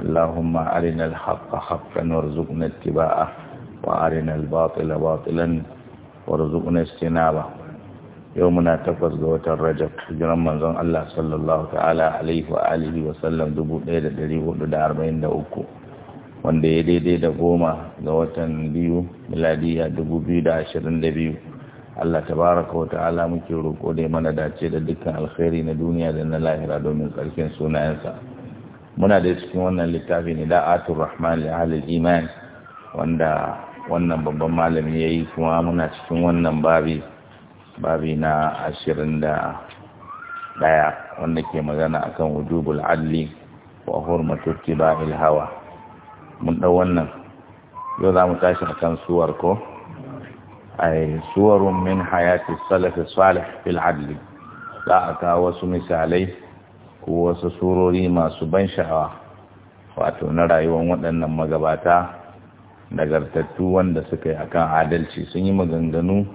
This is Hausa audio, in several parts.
اللهم أرنا الحق حقا وارزقنا اتباعه وأرنا الباطل باطلا وارزقنا اجتنابه يومنا تقص قوة الرجب جرم من زن الله صلى الله تعالى عليه وآله وسلم دبو ليلة دليه دار بين دوكو wanda ya daidai da goma ga watan biyu ya dubu biyu da ashirin da biyu Allah tabaraka wa ta'ala muke roƙo da mana dace da dukkan alkhairi na duniya da na lahira domin tsarkin sunayensa muna da cikin wannan littafi ne da'atul rahman li iman wanda wannan babban malami yayi kuma muna cikin wannan babi babi na 21 wanda ke magana akan wujubul adli wa hurmatu ittiba'il hawa mun dau wannan yau zamu tashi akan suwar ko ay suwarun min hayati salaf salih fil adli za a kawo wasu misalai ko wasu surori masu ban sha'awa wato na rayuwar waɗannan magabata nagartattu wanda suka yi a kan adalci sun yi maganganu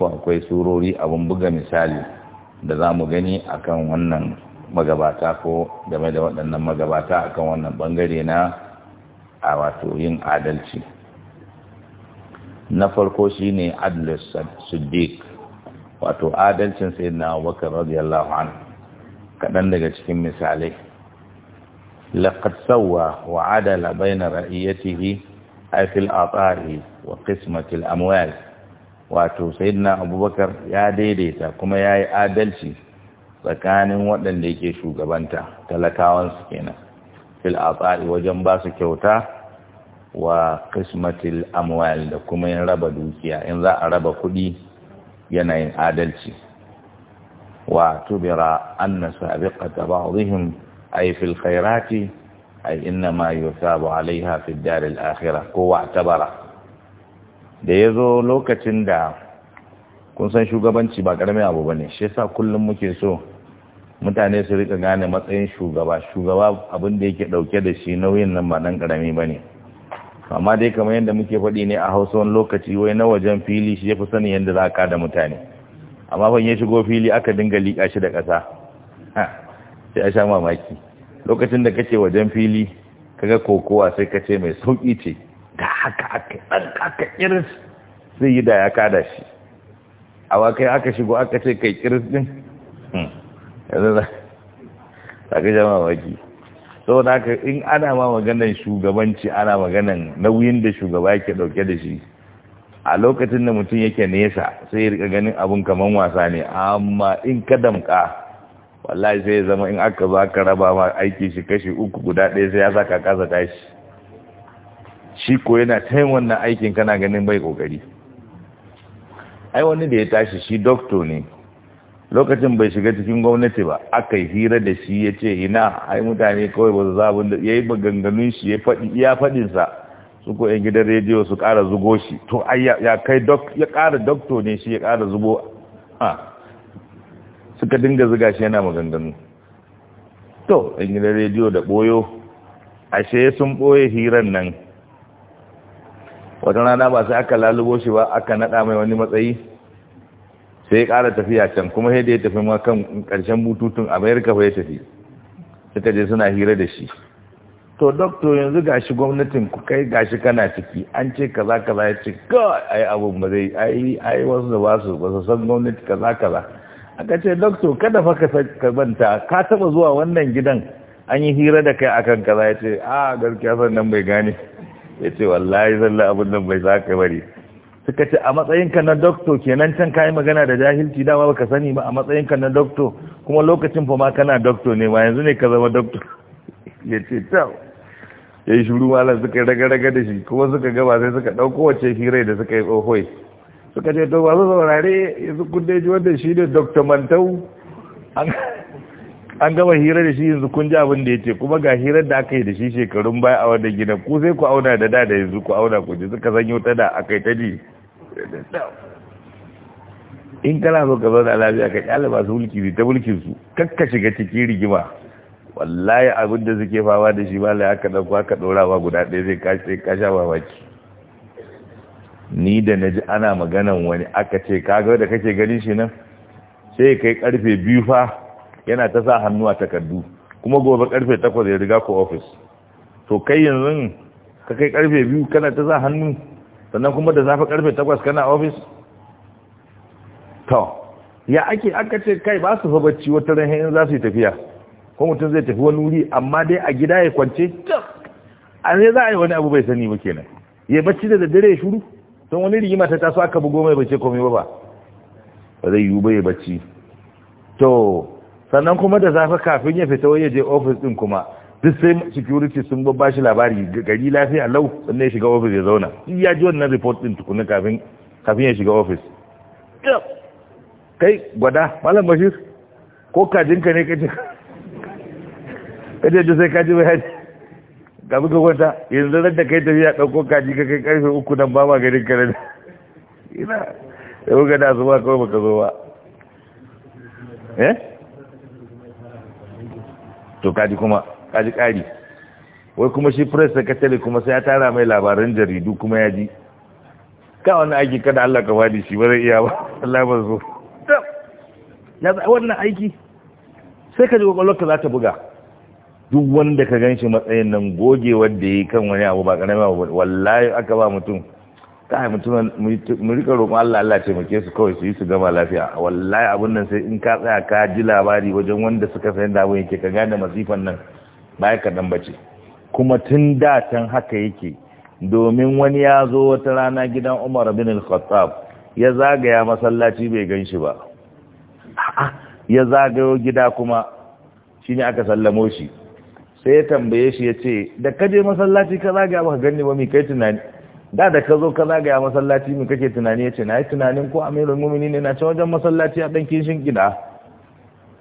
ko akwai surori abin buga misali da za mu gani a kan wannan magabata ko game da waɗannan magabata kan wannan bangare na a wato yin adalci na farko shine adlus siddiq wato adalcin sai na wakar radiyallahu anhu kaɗan daga cikin misalai laqad sawwa wa adala bayna ra'iyatihi ay fil wa qismati al amwal wato sayyidina abubakar ya daidaita kuma yayi adalci tsakanin waɗanda yake shugabanta talakawan su kenan fil atahi wajen ba su kyauta wa qismatil amwal da kuma yin raba dukiya in za a raba kuɗi yanayin adalci واعتبر أن سابقة بعضهم أي في الخيرات أي إنما يثاب عليها في الدار الآخرة قوة اعتبر da ya zo lokacin da kun san shugabanci ba ƙaramin abu ba ne shi yasa kullum muke so mutane su rika gane matsayin shugaba shugaba abin da yake ɗauke da shi nauyin nan ba nan karami ba ne amma dai kamar yadda muke faɗi ne a hausa wani lokaci wai na wajen fili shi ya fi sani yadda za ka da mutane amma ban ya shigo fili aka dinga liƙa shi da ƙasa sai a sha mamaki lokacin da kace wajen fili kaga kokowa sai kace mai sauƙi ce da haka aka dan aka iris sai yi da ya kada shi awa kai aka shigo aka ce kai iris din hmm, yanzu za ka sha mamaki saboda haka in ana ma maganar shugabanci ana maganar nauyin da shugaba yake ɗauke da shi a lokacin da mutum yake nesa sai ya rika ganin abun kaman wasa ne amma in ka damka wallahi sai ya zama in aka zo aka raba ma aiki shi kashi uku guda ɗaya sai ya saka kasa tashi shi ko yana tayin wannan aikin kana ganin bai kokari ai wani da ya tashi shi dokto ne lokacin bai shiga cikin gwamnati ba aka yi hira da shi ya ce ina ai mutane kawai ba su zabin da ya yi maganganun shi ya faɗi iya faɗinsa su ko yan gidan rediyo su ƙara zugo shi to ai ya kai ya ƙara dokto ne shi ya ƙara zubo ha ah, suka dinga zuga shi yana maganganu to yan gidan rediyo da ɓoyo ashe sun ɓoye hiran nan wata rana ba sai aka lalubo shi ba aka naɗa mai wani matsayi sai ya ƙara tafiya can kuma sai da ya tafi ma kan ƙarshen bututun amerika fa ya tafi suka je suna hira da shi to doktor yanzu gashi gwamnatin ku kai gashi kana ciki an ce kaza kaza ya ce kawai ai abun ba zai ai ai wasu da basu ba su san gwamnati kaza kaza aka ce doktor kada fa ka banta ka taba zuwa wannan gidan an yi hira da kai akan kaza ya ce a gaskiya sannan bai gane ya ce wallahi zalla abun nan bai saka bari suka ce a matsayinka na doktor kenan can kayi magana da jahilci dama baka sani ba a matsayinka na doktor kuma lokacin fa ma kana doktor ne ma yanzu ne ka zama doktor ya ce tau ya yi shuru malam suka yi ragaraga da shi kuma suka gaba sai suka ɗauko wacce firai da suka yi ohoi suka ce to masu saurare su kunde ji wanda shi ne dr mantau an gama hira da shi yanzu kun ji abin da ya ce kuma ga hirar da aka yi da shi shekarun baya a wannan gina ku sai ku auna da da da yanzu ku auna ku ji suka sanyo ta da aka yi ta ji in kana so ka zauna lafiya ka kyale masu mulki ta mulkin su kakka shiga cikin rigima wallahi abin da suke fama da shi malai aka ɗauko aka ɗorawa guda ɗaya zai kashe kasha mamaki ni da na ji ana maganan wani aka ce kaga da kake ganin shi nan sai kai karfe biyu fa yana ta sa hannu a takardu kuma gobe karfe takwas ya riga ko ofis to kai yanzu ka kai karfe biyu kana ta sa hannu sannan kuma da zafi karfe takwas kana ofis to ya ake aka ce kai ba su fa bacci wata rahin za su yi tafiya ko mutum zai tafi wani wuri amma dai a gida ya kwance a zai za a yi wani abu bai sani ba kenan ya bacci da daddare ya shuru don wani rigima ta taso aka bugo mai bace komai ba ba ba zai yiwu ba ya bacci to sannan kuma da zafi kafin ya fita ya je ofis din kuma duk sai security sun babba shi labari gari lafiya lau sannan ya shiga ofis ya zauna ya ji wannan report din tukuna kafin kafin ya shiga ofis kai gwada malam bashir ko kajinka ne kace kaje da sai ka ji haji ga buga wata yanzu ran da kai tafiya ɗauko kaji ka kai karfe uku nan ba ma garin kare ina da buga da zuwa kawai baka zo ba eh to kaji kuma kaji ƙari wai kuma shi press secretary kuma sai ya tara mai labaran jaridu kuma ya ji ka wani aiki kada Allah ka fadi shi ba zai iya ba Allah ba zo ya wannan aiki sai ka ji kwakwalwarka za ta buga duk wanda ka ganshi matsayin nan goge wanda yi kan wani abu ba karami abu wallahi aka ba mutum kai mutum mu rika roƙon Allah Allah ce muke su kawai su yi su gama lafiya wallahi abun nan sai in ka tsaya ka ji labari wajen wanda suka sayan da abun yake ka gane masifan nan ba ka dan bace kuma tun da can haka yake domin wani ya zo wata rana gidan Umar bin Al-Khattab ya zagaya masallaci bai gan shi ba ya zagayo gida kuma shine aka sallamo shi sai ya tambaye shi ya ce da ka je masallaci ka zagaya ba ka gani ba mai kai tunani da da ka zo ka zagaya masallaci mai kake tunani ya ce na yi tunanin ko amirin mumini ne na can wajen masallaci a ɗan kishin gida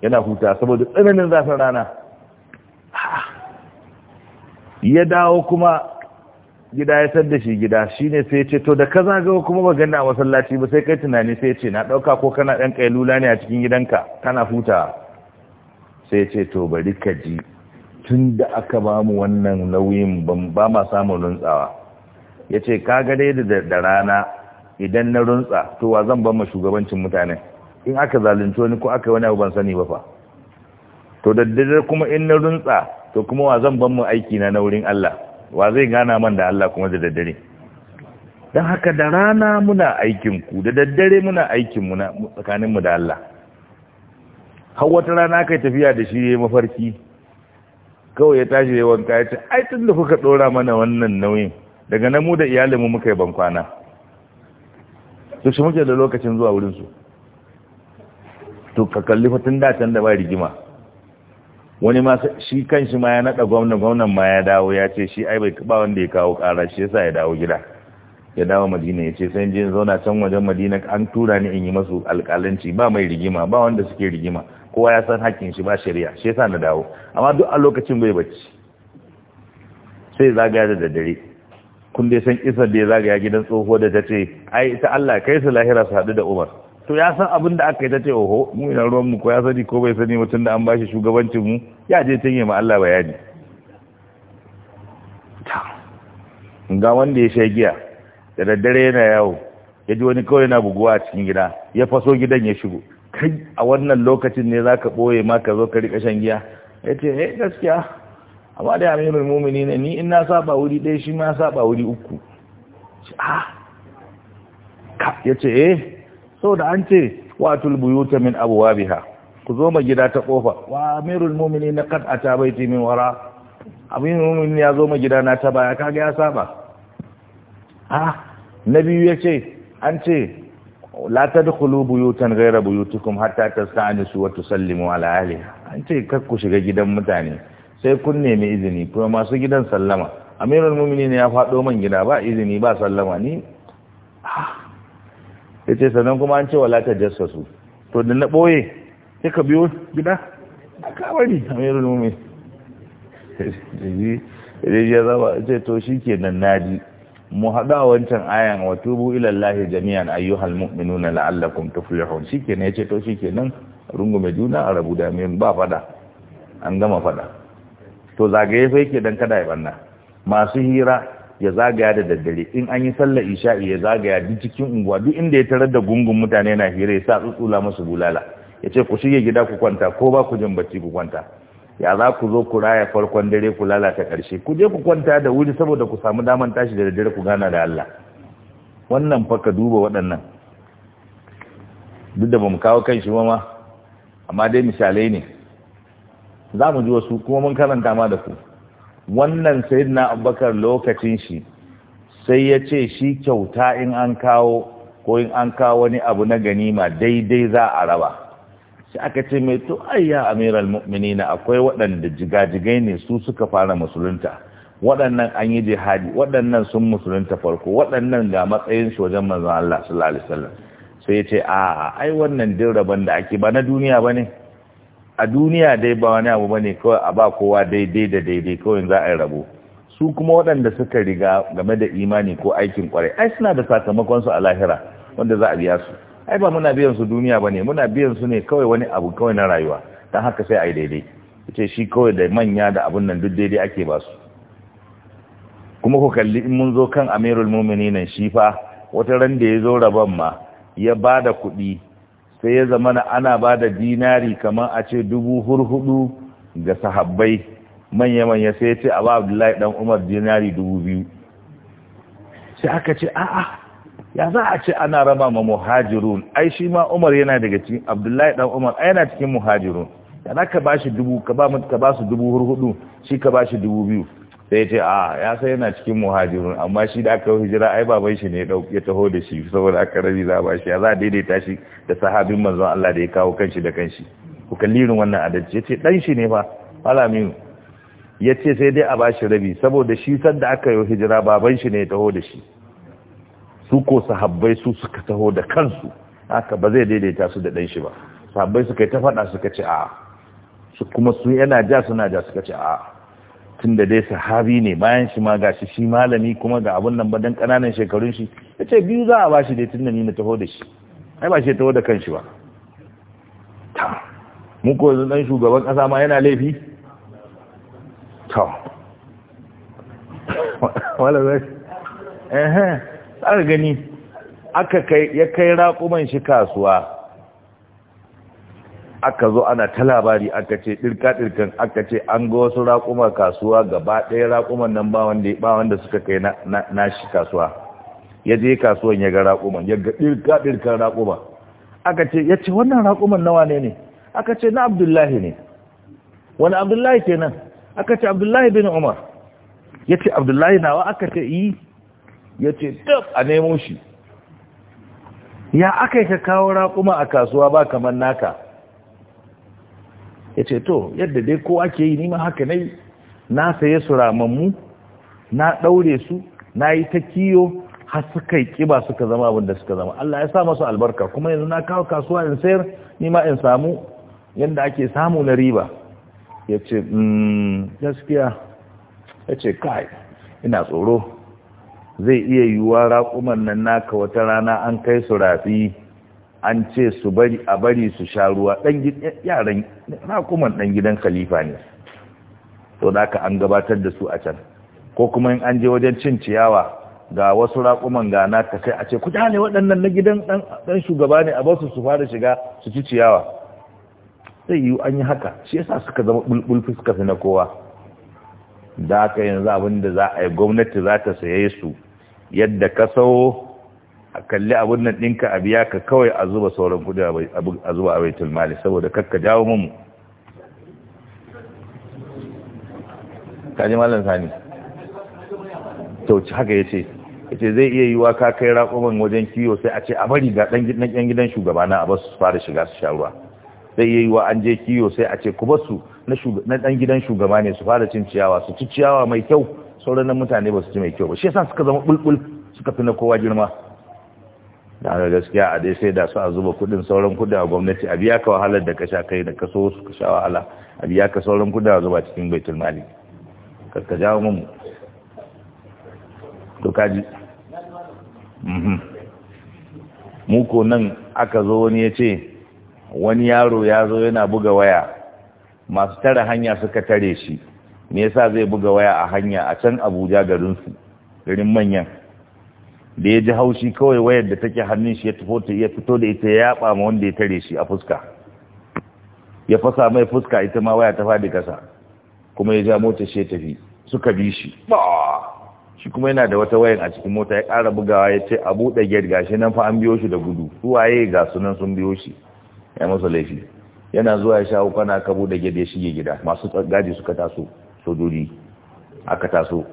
yana huta saboda tsananin zafin rana ya dawo kuma gida ya sadda shi gida shi ne sai ce to da ka zagawa kuma ba gani a masallaci ba sai kai tunani sai ce na ɗauka ko kana ɗan ƙailula ne a cikin gidanka kana huta sai ce to bari ka ji tun da aka ba mu wannan nauyin ba ma samun runtsawa ya ce kaga dai da rana idan na runtsa to wa zan ban ma shugabancin mutane? in aka zalunci wani ko aka wani abu ban sani ba fa to da daddare kuma in na runtsa to kuma wa zan ban mu aiki na wurin Allah wa zai gana man da Allah kuma da daddare don haka da rana muna aikin ku da daddare muna aikin mu tsakanin mu da Allah har wata rana kai tafiya da shi ya mafarki kawai ya tashi ya wanka ya ce ai tun da kuka ɗora mana wannan nauyin daga nan mu da iyalinmu muka yi bankwana to shi muke da lokacin zuwa wurinsu to ka kalli fatin datan da ba rigima wani ma shi kan shi ma ya naɗa gwamna gwamnan ma ya dawo ya ce shi ai bai ba wanda ya kawo ƙara shi yasa ya dawo gida ya dawo madina ya ce sai je zauna can wajen madina an tura ni in yi masu alƙalanci ba mai rigima ba wanda suke rigima kowa ya san hakkin shi ba shari'a shi yasa na dawo amma duk a lokacin bai bacci sai zagaya da daddare kun dai san isa da ya zagaya gidan tsoho da ta ce ai ita Allah kai su lahira su haɗu da Umar to ya san abin da aka yi ta ce oho mu ina ruwan mu ko ya sani ko bai sani mutum da an bashi shugabancin mu ya je tanye ma Allah bayani ga wanda ya sha giya da daddare yana yawo ya ji wani kawai yana buguwa a cikin gida ya faso gidan ya shigo kai a wannan lokacin ne za ka ɓoye ma ka zo ka riƙa shan giya ce, eh gaskiya amma da amirul ne ni in na saba wuri ɗaya shi ma saba wuri uku Ya ce, ah, eh. eh da an ce watul buyuta min abuwa biha ku zo ma gida ta kofa wa mumini na kan ata baiti min wara abin mumini ya zo ma gida na ta baya kaga ya saba ah nabi ce an ce la tadkhulu buyutan ta sa hatta su wata sallin ala ahliha an ce kar ku shiga gidan mutane sai kun nemi izini kuma masu gidan sallama amirul ne ya faɗo man gida ba izini ba sallama ni ce, sannan kuma an ce wala su. to da na ɓoye sai ka biyo gida a kawari amirul mu'minin ya ce to shikenan naji mu haɗa wancan ayan wa tubu ilallahi jami'an ayyuhal mu'minuna la'allakum tuflihun ne yace to nan rungume juna a rabu da min ba fada an gama fada to zagaye sai ke dan kada ya banna masu hira ya zagaya da daddare in an yi sallar isha'i ya zagaya duk cikin unguwa duk inda ya tarar da gungun mutane na hira ya sa tsutsula musu bulala yace ku shige gida ku kwanta ko ba ku jin bacci ku kwanta ya za ku zo ku raya farkon dare ku lalata ƙarshe ku je ku kwanta da wuri saboda ku samu daman tashi da dare ku gana da Allah wannan fa ka duba waɗannan duk da ba mu kawo kan shi ma amma dai misalai ne za mu ji wasu kuma mun karanta ma da ku wannan na abubakar lokacin shi sai ya ce shi kyauta in an kawo ko in an kawo wani abu na ganima daidai za a raba sai aka ce mai to ayya amiral mu'minina akwai waɗanda jigajigai ne su suka fara musulunta waɗannan an yi jihadi waɗannan sun musulunta farko waɗannan ga matsayin shi wajen manzon Allah sallallahu alaihi wasallam sai ya ce a ai wannan din rabon da ake ba na duniya bane a duniya dai ba wani abu bane kawai a ba kowa daidai da daidai kawai za a yi rabo su kuma waɗanda suka riga game da imani ko aikin kwarai ai suna da sakamakon su a lahira wanda za a biya su ai ba muna biyan su duniya ba muna biyan su ne kawai wani abu kawai na rayuwa dan haka sai a daidai ce shi kawai da manya da abun nan duk daidai ake ba su kuma ku kalli in mun zo kan amirul muminin shi fa wata ran da ya zo rabon ma ya ba da kuɗi sai ya zama ana ba da dinari kamar a ce dubu hurhudu ga sahabbai manya-manya sai ya ce a ba abdullahi dan umar dinari dubu biyu sai aka ce a'a ya za a ce ana raba ma muhajirun ai shi ma umar yana daga cikin abdullahi dan umar ai yana cikin muhajirun yana ka bashi dubu ka ba ka ba su dubu hurhudu shi ka bashi dubu biyu sai ya ce a ya sai yana cikin muhajirun amma shi da aka hijira ai baban shi ne ya dauke taho da shi saboda aka rabi za ba shi ya za a daidaita shi da sahabin manzon Allah da ya kawo kanshi da kanshi ku kallirin wannan adalci yace dan shi ne fa malamin yace sai dai a bashi rabi saboda shi sanda aka yi hijira baban shi ne ya taho da shi su ko sahabbai su suka taho da kansu haka ba zai daidaita su da dan shi ba sahabbai suka yi ta faɗa suka ce a su kuma su yana ja suna ja suka ce a tun da dai sahabi ne bayan shi ma ga shi shi malami kuma ga abun nan ba dan kananan shekarun shi ya ce biyu za a ba shi dai tun da ni na taho da shi ai ba shi ya taho da kanshi ba ta mu ko yanzu dan shugaban kasa ma yana laifi ta wala zai eh tsar gani aka kai ya kai raƙuman shi kasuwa aka zo ana ta labari aka ce ɗirka-ɗirkan aka ce an ga wasu raƙuma kasuwa gaba ɗaya raƙuman nan ba wanda suka kai na shi kasuwa ya je kasuwan ya ga raƙuman ya ga ɗirka-ɗirkan raƙuma aka ce ya ce wannan raƙuman nawa ne ne aka ce na abdullahi ne wani abdullahi kenan aka ce abdullahi bin umar ya ce abdullahi nawa aka ce yi ya ce tab a nemo shi ya aka yi ka kawo raƙuma a kasuwa ba kamar naka ya ce to yadda dai ko ake yi nima haka na yi na saye su ramammu na ɗaure su na yi ta kiyo har suka yi ƙiba suka zama abin da suka zama Allah ya sa masu albarka kuma yanzu na kawo kasuwa in sayar nima in samu yadda ake samu na riba ya ce mm, gaskiya ya ce kai ina tsoro zai iya yiwuwa raƙuman nan naka wata rana an kai su rafi an ce su bari a bari su sha ruwa ɗan yaran raƙuman ɗan gidan khalifa ne to da an gabatar da su a can ko kuma in an je wajen cin ciyawa ga wasu raƙuman ga naka sai a ce ku ne waɗannan na gidan ɗan shugaba ne a basu su fara shiga su ci ciyawa zai yiwu an yi haka shi yasa suka zama bulbul fuska fi na kowa da ka yanzu abin da za a yi gwamnati za ta saye su yadda ka sau a kalli abin nan ɗinka a biya ka kawai a zuba sauran kudi a zuba a baitul mali saboda kakka jawo mamu kaji malam sani to haka ya ce zai iya yiwa ka kai raƙuman wajen kiwo sai a ce a bari ga ɗan gidan shugabana a basu fara shiga su sha ruwa zai yi wa an je kiyo sai a ce ku basu na dan gidan shugaba ne su fara cin ciyawa su ci ciyawa mai kyau sauran nan mutane ba su ci mai kyau ba shi yasa suka zama bulbul suka fi na kowa girma da ga gaskiya a dai sai da su a zuba kudin sauran kudin a gwamnati a biya ka wahalar da ka sha kai da kaso su ka sha wahala a biya ka sauran kudin a zuba cikin baitul mali ka jawo mu to kaji mhm. mu ko nan aka zo wani ya ce wani yaro ya zo yana buga waya masu tare hanya suka tare shi me yasa zai buga waya a hanya a can abuja garinsu garin manyan da ya ji haushi kawai wayar da take hannun shi ya tufo ta iya fito da ita ya yaba ma wanda ya tare shi a fuska ya fasa mai fuska ita ma waya ta fadi kasa kuma ya ja mota shi ya tafi suka bi shi shi kuma yana da wata wayan a cikin mota ya ƙara bugawa ya ce a buɗe gate gashi nan fa an biyo shi da gudu su waye ga sunan sun biyo shi ya masa laifi yana zuwa ya shawo kwana aka bude gida ya shige gida masu gadi suka taso sojoji aka taso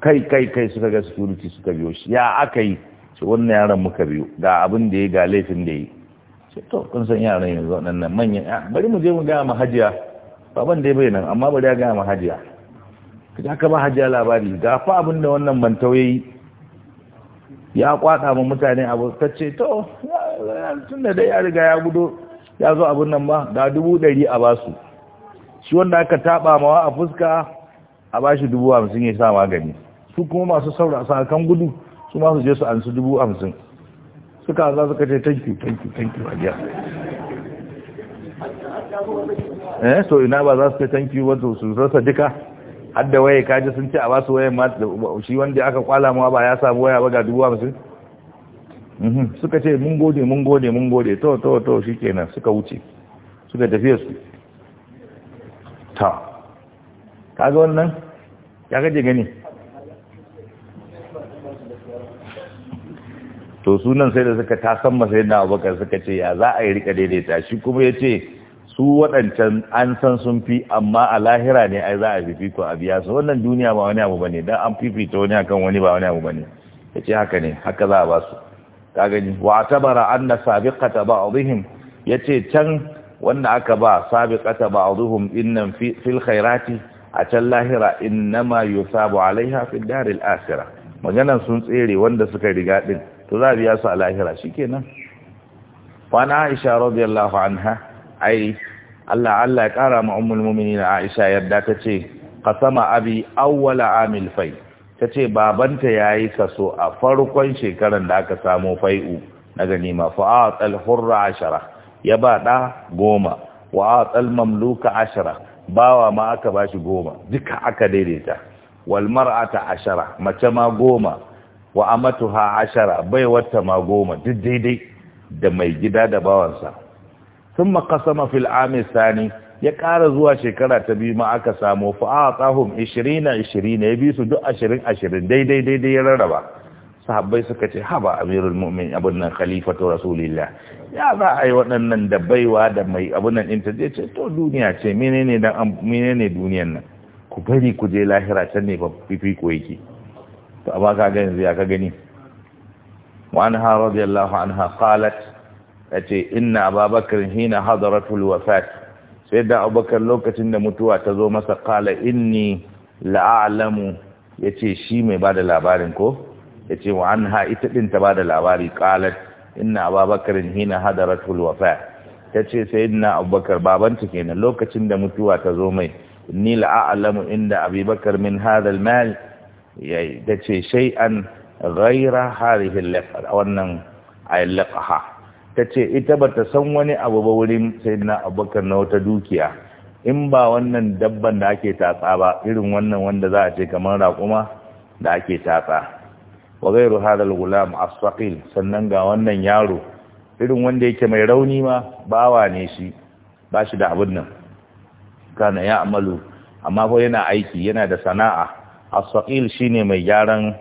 kai kai kai suka ga security suka biyo shi ya aka yi shi wannan yaran muka biyo ga abin da ya ga laifin da ya ce to kun san yaran yanzu waɗannan manyan ah, bari mu je mu gaya ma hajiya baban dai bai nan amma bari ya gaya ma hajiya ka ba hajiya labari ga fa abin da wannan mantau ya kwada ma mutane abu ka ce to tun da dai ya riga ya gudo ya zo abun nan ba da dubu ɗari a basu shi wanda aka taɓa mawa a fuska a bashi dubu hamsin ya sa magani su kuma masu saura kan gudu su masu je su an su dubu hamsin suka za suka ce thank you thank you thank you again eh so ina ba za su ce thank you wato su rasa duka har da waye kaji sun ce a basu wayan ma shi wanda aka kwala mawa ba ya samu waya ba ga dubu hamsin mhm. suka ce mun gode mun gode mun gode to to to shi kenan suka wuce suka tafiya su ta kaga wannan ya gaje gani to sunan sai da suka tasan masa yadda abubakar suka ce ya za a yi rika daidaita shi kuma ya ce su waɗancan an san sun fi amma a lahira ne ai za a fifiko a biya su wannan duniya ba wani abu ba ne don an fifita wani akan wani ba wani abu ba ne ya ce haka ne haka za a ba su ka gani wa tabara an na sabiqata ba'dihim ya ce can wanda aka ba sabiqata ba'dihum nan fil khairati a can lahira innama yusabu alaiha fil daril akhirah maganan sun tsere wanda suka riga din to za a biya su a lahira shi kenan na aisha radiyallahu anha ai Allah Allah ya kara ma ummul mu'minin Aisha yadda tace qasama abi awwala amil fai tace babanta yayi kaso a farkon shekaran da aka samu fai'u na ganima fa atal hurra ashara ya ba da goma wa atal mamluka ashara bawa ma aka bashi goma duka aka daidaita wal mar'ata ashara mace ma goma wa amatuha ashara bai wata ma goma duk daidai da mai gida da bawansa sun makasama fil amin sani ya ƙara zuwa shekara ta biyu ma aka samu fa'a 20 20-20 ya bi su duk ashirin ashirin daidai daidai ya rarraba sahabbai suka ce haba amirul mu'min abin nan khalifatu rasulillah ya za a yi waɗannan da baiwa da mai abin nan inta zai ce to duniya ce menene dan menene duniyan nan ku bari ku je lahira can ne fifi fifiko yake to amma ka ga yanzu ya ka gani wa anha radiyallahu anha qalat ya ce inna ababakar hina hadaratul wafat sai da abubakar lokacin da mutuwa ta zo masa kala inni la'alamu ya ce shi mai ba da labarin ko ya ce wa an ha ita ɗin ta ba da labari kalat inna ababakar hina hadaratul wafat ta ce sai inna abubakar babanta kenan lokacin da mutuwa ta zo mai inni la'alamu inda abubakar min hadal mal ya ce shay'an ghaira hadhihi al wannan ayyalqaha ta ce ita ba ta san wani abu ba wurin na abubakar na wata dukiya in ba wannan dabban da ake tatsa ba irin wannan wanda za a ce kamar raƙuma da ake tatsa wa halal gulam Asfakil, sannan ga wannan yaro irin wanda yake mai rauni ma bawa ne shi ba shi da abin nan kana ya amalu amma ko yana aiki yana da sana'a shi shine mai gyaran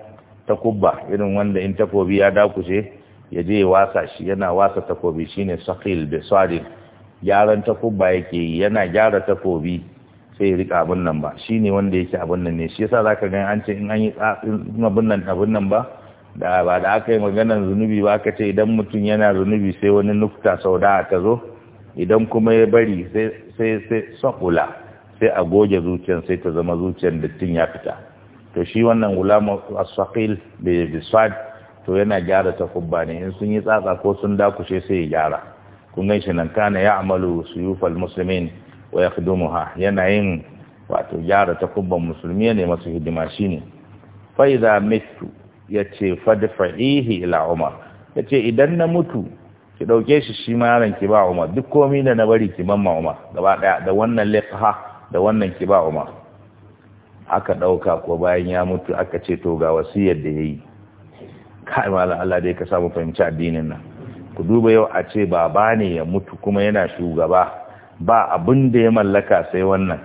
takubba irin wanda in takobi ya dakushe ya je wasa shi yana wasa takobi shine saqil bi sadin gyaran takobba yake yana gyara takobi sai rika abun nan ba shine wanda yake abun nan ne shi yasa zaka ga an ce in an yi abun nan nan ba da ba da aka yi maganar zunubi ba aka ce idan mutum yana zunubi sai wani nufta sau da aka zo idan kuma ya bari sai sai sai sakula sai a goge zuciyar sai ta zama zuciyar dattin ya fita to shi wannan ulama as-saqil bi to yana gyara takubba ne in sun yi tsatsa ko sun dakushe sai ya gyara kun gan shi nan kana ya amalu suyufal muslimin wa yakhdumuha yana yin wato gyara takubban musulmi ne masu hidima shine fa idza mitu yace fadfa'ihi ila umar yace idan na mutu ki dauke shi shi ma ran ki ba umar duk komai da na bari ki mamma umar gaba daya da wannan liqha da wannan ki ba umar aka dauka ko bayan ya mutu aka ce to ga wasiyar da yayi kai malam Allah dai ka samu fahimci addinin nan ku duba yau a ce baba ne ya mutu kuma yana shugaba ba abin da ya mallaka sai wannan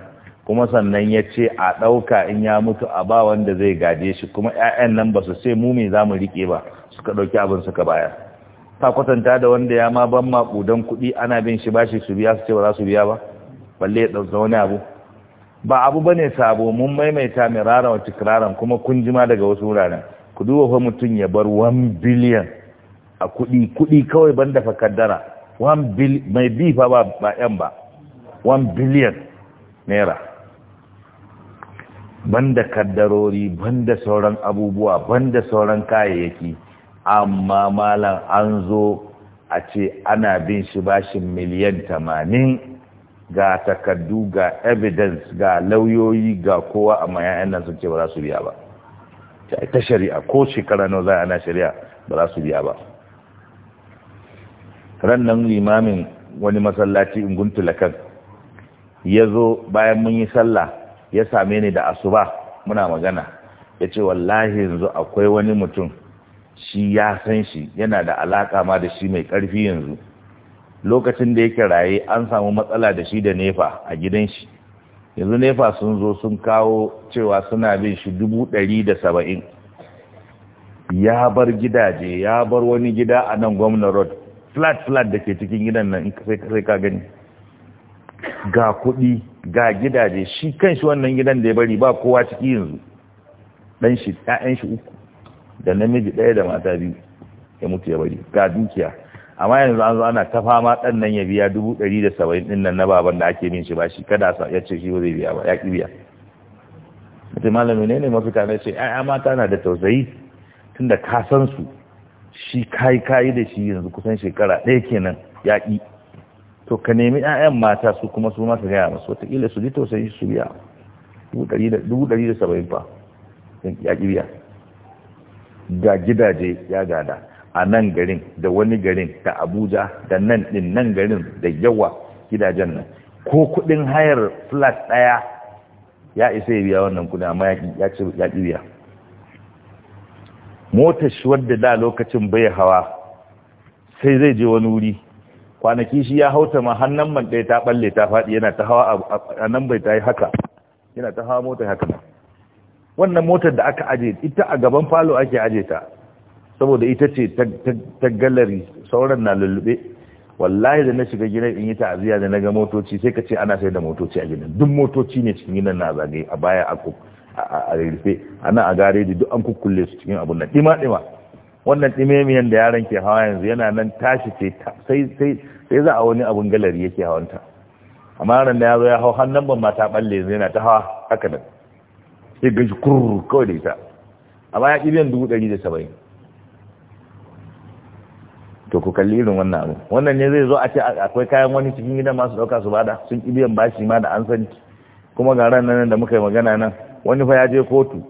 kuma sannan ya ce a ɗauka in ya mutu a ba wanda zai gaje shi kuma 'ya'yan nan ba su sai mu me za mu riƙe ba suka ɗauki abin suka baya. ta kwatanta da wanda ya ma ban maƙudan kuɗi ana bin shi bashi su biya su ce ba za su biya ba balle ya ɗauka wani abu ba abu bane sabo mun maimaita miraran wa tikiraran kuma kun jima daga wasu wuraren ku duba fa mutum ya bar 1 billion a kudi kudi kawai banda fa kaddara 1 billion mai bi fa ba ba yan ba 1 billion naira banda kaddarori banda sauran abubuwa banda sauran kayayyaki amma malam an zo a ce ana bin shi bashin miliyan tamanin ga takardu ga evidence ga lauyoyi ga kowa amma 'ya'yan nan sun ce ba za su biya ba ta shari'a ko shekara nawa za a na shari'a ba za su biya ba rannan limamin wani masallaci inguntu lakan ya zo bayan mun yi sallah ya same ni da asuba muna magana ya ce wallahi yanzu akwai wani mutum shi ya san shi yana da alaƙa ma da shi mai ƙarfi yanzu lokacin da yake raye an samu matsala da shi da nefa a gidan shi yanzu nefa sun zo sun kawo cewa suna bin shi dubu ɗari da saba'in ya bar gidaje ya bar wani gida a nan gwamnan road flat flat da ke cikin gidan nan sai ka gani ga kuɗi ga gidaje shi kan shi wannan gidan da ya bari ba kowa ciki yanzu ɗan shi shi uku da namiji ɗaya da mata biyu ya mutu ya bari ga dukiya amma yanzu an zo ana ta fama dan nan ya biya dubu ɗari da saba'in nan na baban da ake min shi ba shi kada sa ya ce shi ba zai biya ba ya ƙi biya mutum malami ne ne mafita na ce ai mata na da tausayi tunda ka san su shi kai kai da shi yanzu kusan shekara ɗaya kenan ya ƙi to ka nemi 'ya'yan mata su kuma su ma ka gaya masu wataƙila su ji tausayi su biya dubu ɗari da saba'in fa ya ƙi biya ga gidaje ya gada a nan garin da wani garin da abuja da nan din nan garin da yawa gidajen nan ko kudin hayar flat daya ya isa ya biya wannan kudin amma ya ci ya biya motar shi wadda da lokacin bai hawa sai zai je wani wuri kwanaki shi ya hauta ma hannun man ɗaya ta balle ta faɗi yana ta hawa a nan bai ta yi haka yana ta hawa mota haka nan wannan motar da aka aje ita a gaban falo ake aje ta saboda ita ce ta gallari sauran na lullube wallahi da na shiga gidan in yi ta'aziyya da na ga motoci sai ka ce ana sai da motoci a gidan duk motoci ne cikin gidan na zagaye a baya a a rufe ana a gareji duk an kukkulle su cikin abun nan dima dima wannan dimemiyan da yaran ke hawa yanzu yana nan tashi ce sai za a wani abun galari yake hawanta amma ran da ya zo ya hau hannun ban mata balle yanzu yana ta hawa haka nan sai gaji kurr kawai da ita amma ya ƙi dubu ɗari da saba'in to ku kalli irin wannan abu wannan ne zai zo a ce akwai kayan wani cikin gidan masu dauka su bada sun ki biyan bashi ma da an sani kuma ga ran nan da muka yi magana nan wani fa ya je kotu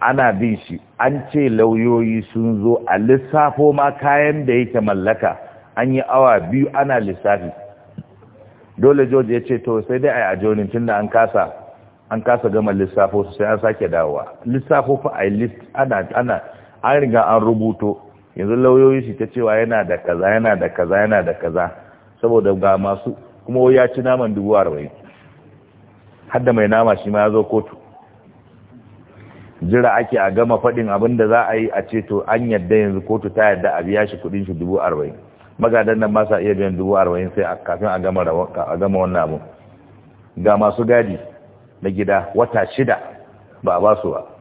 ana bin shi an ce lauyoyi sun zo a lissafo ma kayan da yake mallaka an yi awa biyu ana lissafi dole George ya ce to sai dai a yi tun tunda an kasa an kasa gama lissafo sai an sake dawowa lissafo fa a list ana ana an riga an rubuto yanzu lauyoyi shi ta cewa yana da kaza yana da kaza yana da kaza saboda ga masu kuma ya ci naman dubu arba'in har mai nama shi ma ya zo kotu jira ake a gama faɗin abin da za a yi a ce to an yadda yanzu kotu ta yadda a biya shi kuɗin shi dubu arba'in magadan nan ba iya biyan dubu arba'in sai kafin a gama wannan abu ga masu gadi na gida wata shida ba a basu ba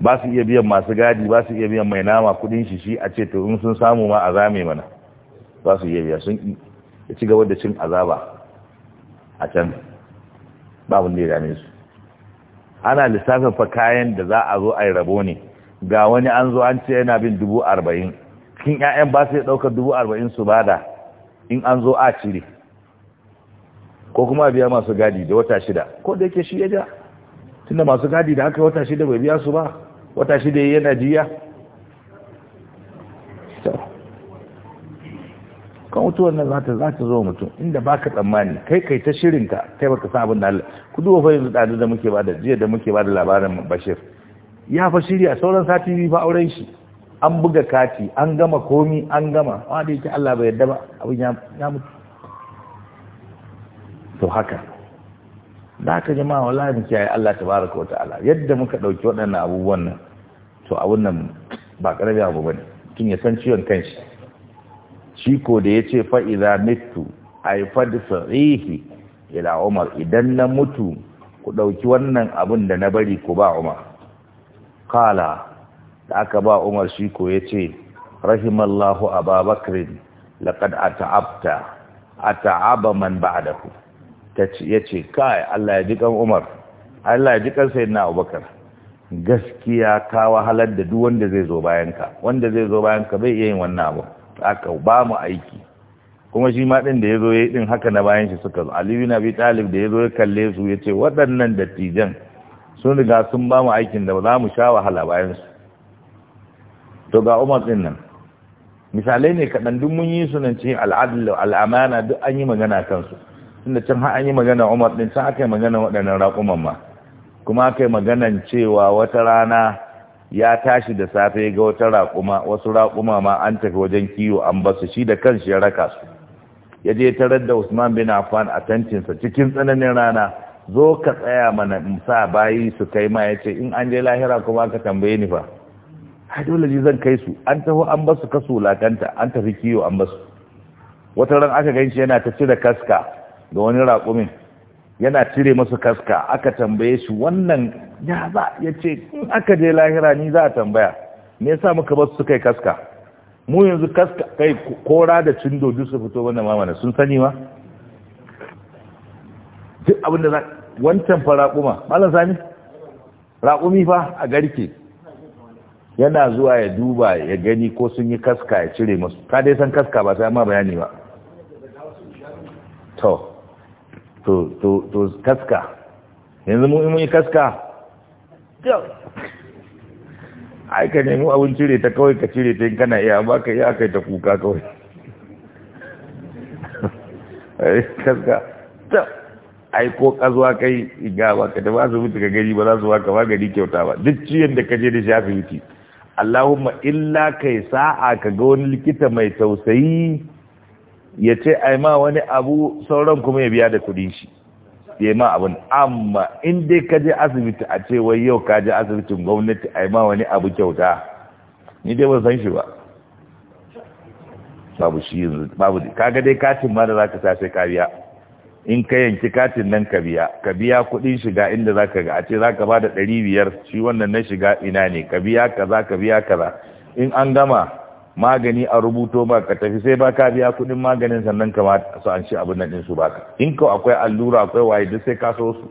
ba su iya biyan masu gadi ba su iya biyan mai nama kudin shi shi a ce to in sun samu ma a zame mana ba su iya biya sun ya ci gaba da cin azaba a can babin da ya su ana lissafin fa kayan da za a zo a yi rabo ne ga wani an zo an ce yana bin dubu arba'in kin 'ya'yan ba su ya ɗaukar dubu arba'in su bada in an zo a cire ko kuma a biya masu gadi da wata shida ko da yake shi ya ja tunda masu gadi da aka wata shida bai biya su ba wata shida yana jiya kan mutuwar nan za ta za ta zo mutum inda ba ka tsammani kai kai ta shirinka kai baka sa abin da Allah ku duba fa yanzu da muke bada jiya da muke bada labarin bashir ya fa shirya sauran sati biyu fa auren shi an buga kati an gama komi an gama wanda yake Allah bai yarda ba abin ya mutu to haka da ji jama'a wala mu kiyaye Allah tabaraka wata'ala yadda muka dauki waɗannan abubuwan nan to abun nan ba karabi abu bane tun ya san ciwon kanshi shi ko da yace fa idza mittu ay fad sahihi ila Umar idan na mutu ku dauki wannan abun da na bari ku ba Umar kala da aka ba Umar shi ko yace rahimallahu ababakrin laqad ata'abta ata'aba man ba'dahu ya ce kai Allah ya ji kan Umar Allah ya ji kan na Abubakar gaskiya ka wahalar da duk wanda zai zo bayan ka wanda zai zo bayan ka bai iya yin wannan abu aka ba mu aiki kuma shi ma din da ya zo din haka na bayan shi suka zo Ali bin Abi Talib da yazo ya kalle su ya ce waɗannan dattijan sun riga sun ba mu aikin da ba za mu sha wahala bayan su to ga Umar din nan misalai ne kaɗan duk mun yi su nan cikin al'amana duk an yi magana kansu tunda can har an yi magana umar din sai aka yi magana waɗannan raƙuman ma kuma aka yi maganan cewa wata rana ya tashi da safe ga wata raƙuma wasu raƙuma ma an tafi wajen kiwo an su shi da kanshi ya raka su ya je tarar da Usman bin Affan a tantinsa cikin tsananin rana zo ka tsaya mana sa bayi su kai ma yace in an je lahira kuma ka tambaye ni fa ai dole ji zan kai su an taho an su kaso lakanta an tafi kiwo an su wata ran aka ganshi yana ta cire kaska Da wani raƙumin yana cire masu kaska aka tambaye shi wannan ya za ya ce in aka je lahira ni za a tambaya me yasa muka ba su kai kaska mu yanzu kaska kai kora da cindo duk su fito wannan mamana sun sani ma duk abin da wancan fa raƙuma malam sani raƙumi fa a garke yana zuwa ya duba ya gani ko sun yi kaska ya cire masu kada dai san kaska ba sai amma bayani ba to to to to kaska yanzu mu mun yi kaska ai ka nemi abin cire ta kawai ka cire ta yin kana iya ba ka iya kai ta kuka kawai kaska to ai ko kazuwa kai iga ba ka da ba su mutu ka gari ba za su ba ka ba gari kyauta ba duk ciyen da ka je da shafi wuce Allahumma illa kai sa'a ka ga wani likita mai tausayi ya ce ai wani abu sauran kuma ya biya da kudin shi ya ma abin amma in ka je asibiti a ce wai yau ka je asibitin gwamnati ai wani abu kyauta ni dai ban san shi ba babu shi yanzu babu kaga dai katin ma da zaka ka sai ka biya in ka yanki katin nan ka biya ka biya kuɗin shiga inda za ka ga a ce za ka ba da ɗari biyar shi wannan na shiga ina ne ka biya kaza ka biya kaza in an gama magani a rubuto ba ka tafi sai ba ka biya kuɗin maganin sannan ka su an ci abin nan su baka in ka akwai allura akwai waye duk sai ka so su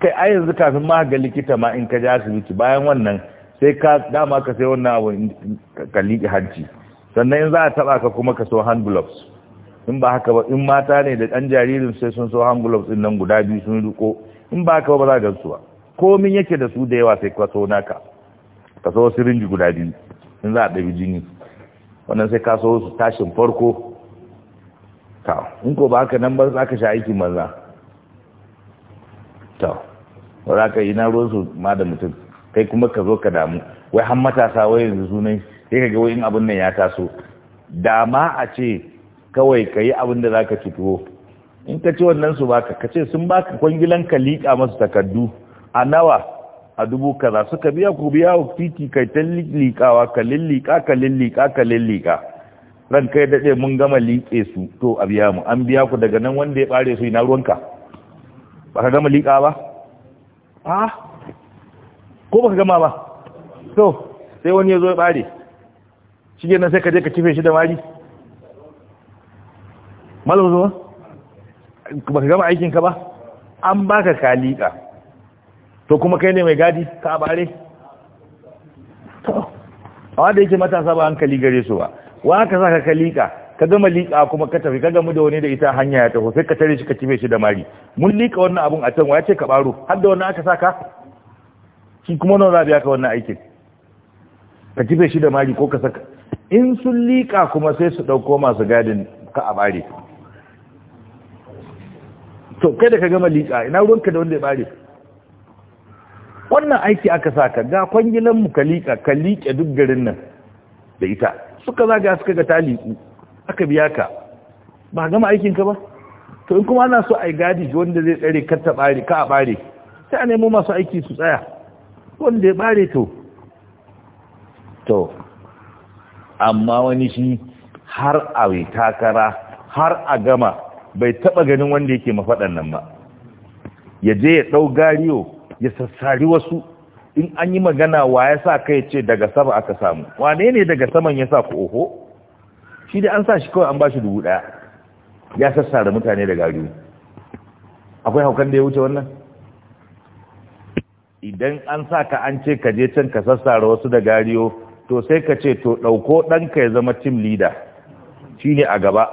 kai a yanzu kafin ma ga likita ma in ka su biki bayan wannan sai ka dama ka sai wannan abu ka liƙi hanci sannan in za a taɓa ka kuma ka so hand gloves in ba haka ba in mata ne da ɗan jaririn sai sun so hand gloves din nan guda biyu sun riko in ba haka ba ba za ka gansu ba komin yake da su da yawa sai ka so naka ka so sirinji guda biyu in za a ɗabi jini wannan sai ka so su tashin farko ta in ko ba haka nan ba za ka sha aikin maza. ta ba za ka yi na ruwan su ma da mutum kai kuma ka zo ka damu wai har matasa wai yanzu sunai sai ka ga wai in abin nan ya taso da ma a ce kawai ka yi abin da za ka ci tuwo in ka ci wannan su ba ka ce sun ba ka kwangilan ka liƙa masu takardu a nawa a dubu kaza suka biya ku biya wa fiti kai ta liƙawa ka lilliƙa ka lilliƙa ka lilliƙa ran kai daɗe mun gama liƙe su to a biya mu an biya ku daga nan wanda ya ɓare su ina ruwanka ba ka gama liƙa ba a ko ba ka gama ba to sai wani ya zo ya ɓare shi nan sai ka je ka kife shi da mari malar zuwa ba ka gama aikinka ba an baka ka liƙa to kuma kai ne mai gadi ka bare to a da yake matasa ba hankali gare su ba wa haka saka ka lika ka gama lika kuma ka tafi ka gamu da wani da ita hanya ya taho sai ka tare shi ka kife shi da mari mun lika wannan abun a can wa ya ce ka baro har da wannan aka saka shi kuma nawa za biya ka wannan aikin ka kife shi da mari ko ka saka in sun lika kuma sai su dauko masu gadin ka a bare to kai da ka gama lika ina ruwanka da wanda ya bare wannan aiki aka sa ka ga kwangilan mu kalika kalike duk garin nan da ita suka zaga suka ga taliku aka biya ka ba gama aikin ka ba to in kuma ana so ai gadi wanda zai tsare ka ta bare ka a bare sai a nemo masu aiki su tsaya wanda ya bare to to amma wani shi har a takara har a gama bai taba ganin wanda yake mafaɗan nan ba ya je ya ɗau gariyo ya sassari wasu in an yi magana wa ya sa kai ce daga sama aka samu wane ne daga saman ya sa ku oho shi da an sa shi kawai an ba shi dubu daya ya sassara mutane da gari akwai haukan da ya wuce wannan idan an sa ka an ce ka je can ka sassara wasu da gariyo to sai ka ce to ɗauko ɗanka ya zama team leader shi ne a gaba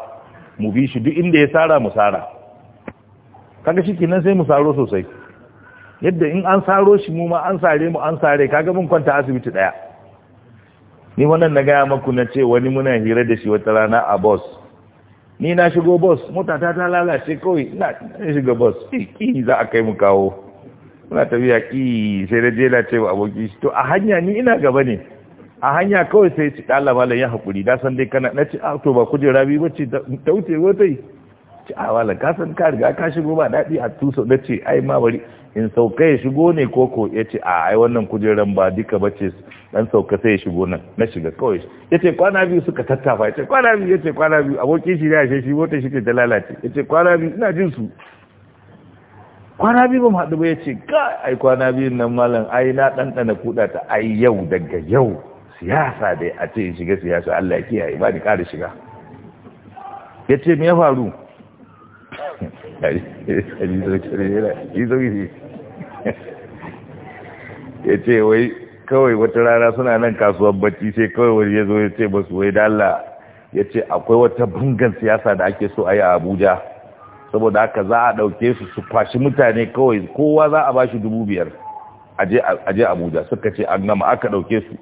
mu bi shi duk inda ya sara mu sara kaga shi kenan sai mu saro sosai yadda in an saro shi mu ma an sare mu an sare kaga mun kwanta asibiti daya ni wannan na gaya maku na ce wani muna hira da shi wata rana a bus ni na shigo bus mota ta ta lalace kawai ina shiga bus ki za a kai mu kawo muna tafiya ki sai da jela ce wa aboki to a hanya ni ina gaba ne a hanya kawai sai ci dala malam ya hakuri da san dai kana na ci a ah, to ba kujera biyu bace ta wuce wata ce a wala kasan ka riga ka shigo ba daɗi a tuso da ce ai ma bari in sauka ya shigo ne koko ya ce a ai wannan kujeran ba duka ce dan sauka sai ya shigo nan na shiga kawai ya ce kwana biyu suka tattafa ya ce kwana biyu ya ce kwana biyu abokin shi ya shi mota shi ke ta lalace ya ce kwana biyu ina jin su kwana biyu ba mu haɗu ba ya ce ka ai kwana biyun nan malam ai na ɗanɗana kuɗa ta ai yau daga yau siyasa dai a ce in shiga siyasa Allah ya kiyaye ba ni ƙara shiga ya ce me ya faru ya ce wai kawai wata rana suna nan kasuwar bacci sai kawai wani ya zo ya ce basu wai dalla ya ce akwai wata bangan siyasa da ake so a yi a abuja saboda haka za a ɗauke su su fashi mutane kawai kowa za a ba shi dubu biyar je abuja suka ce an gama aka ɗauke su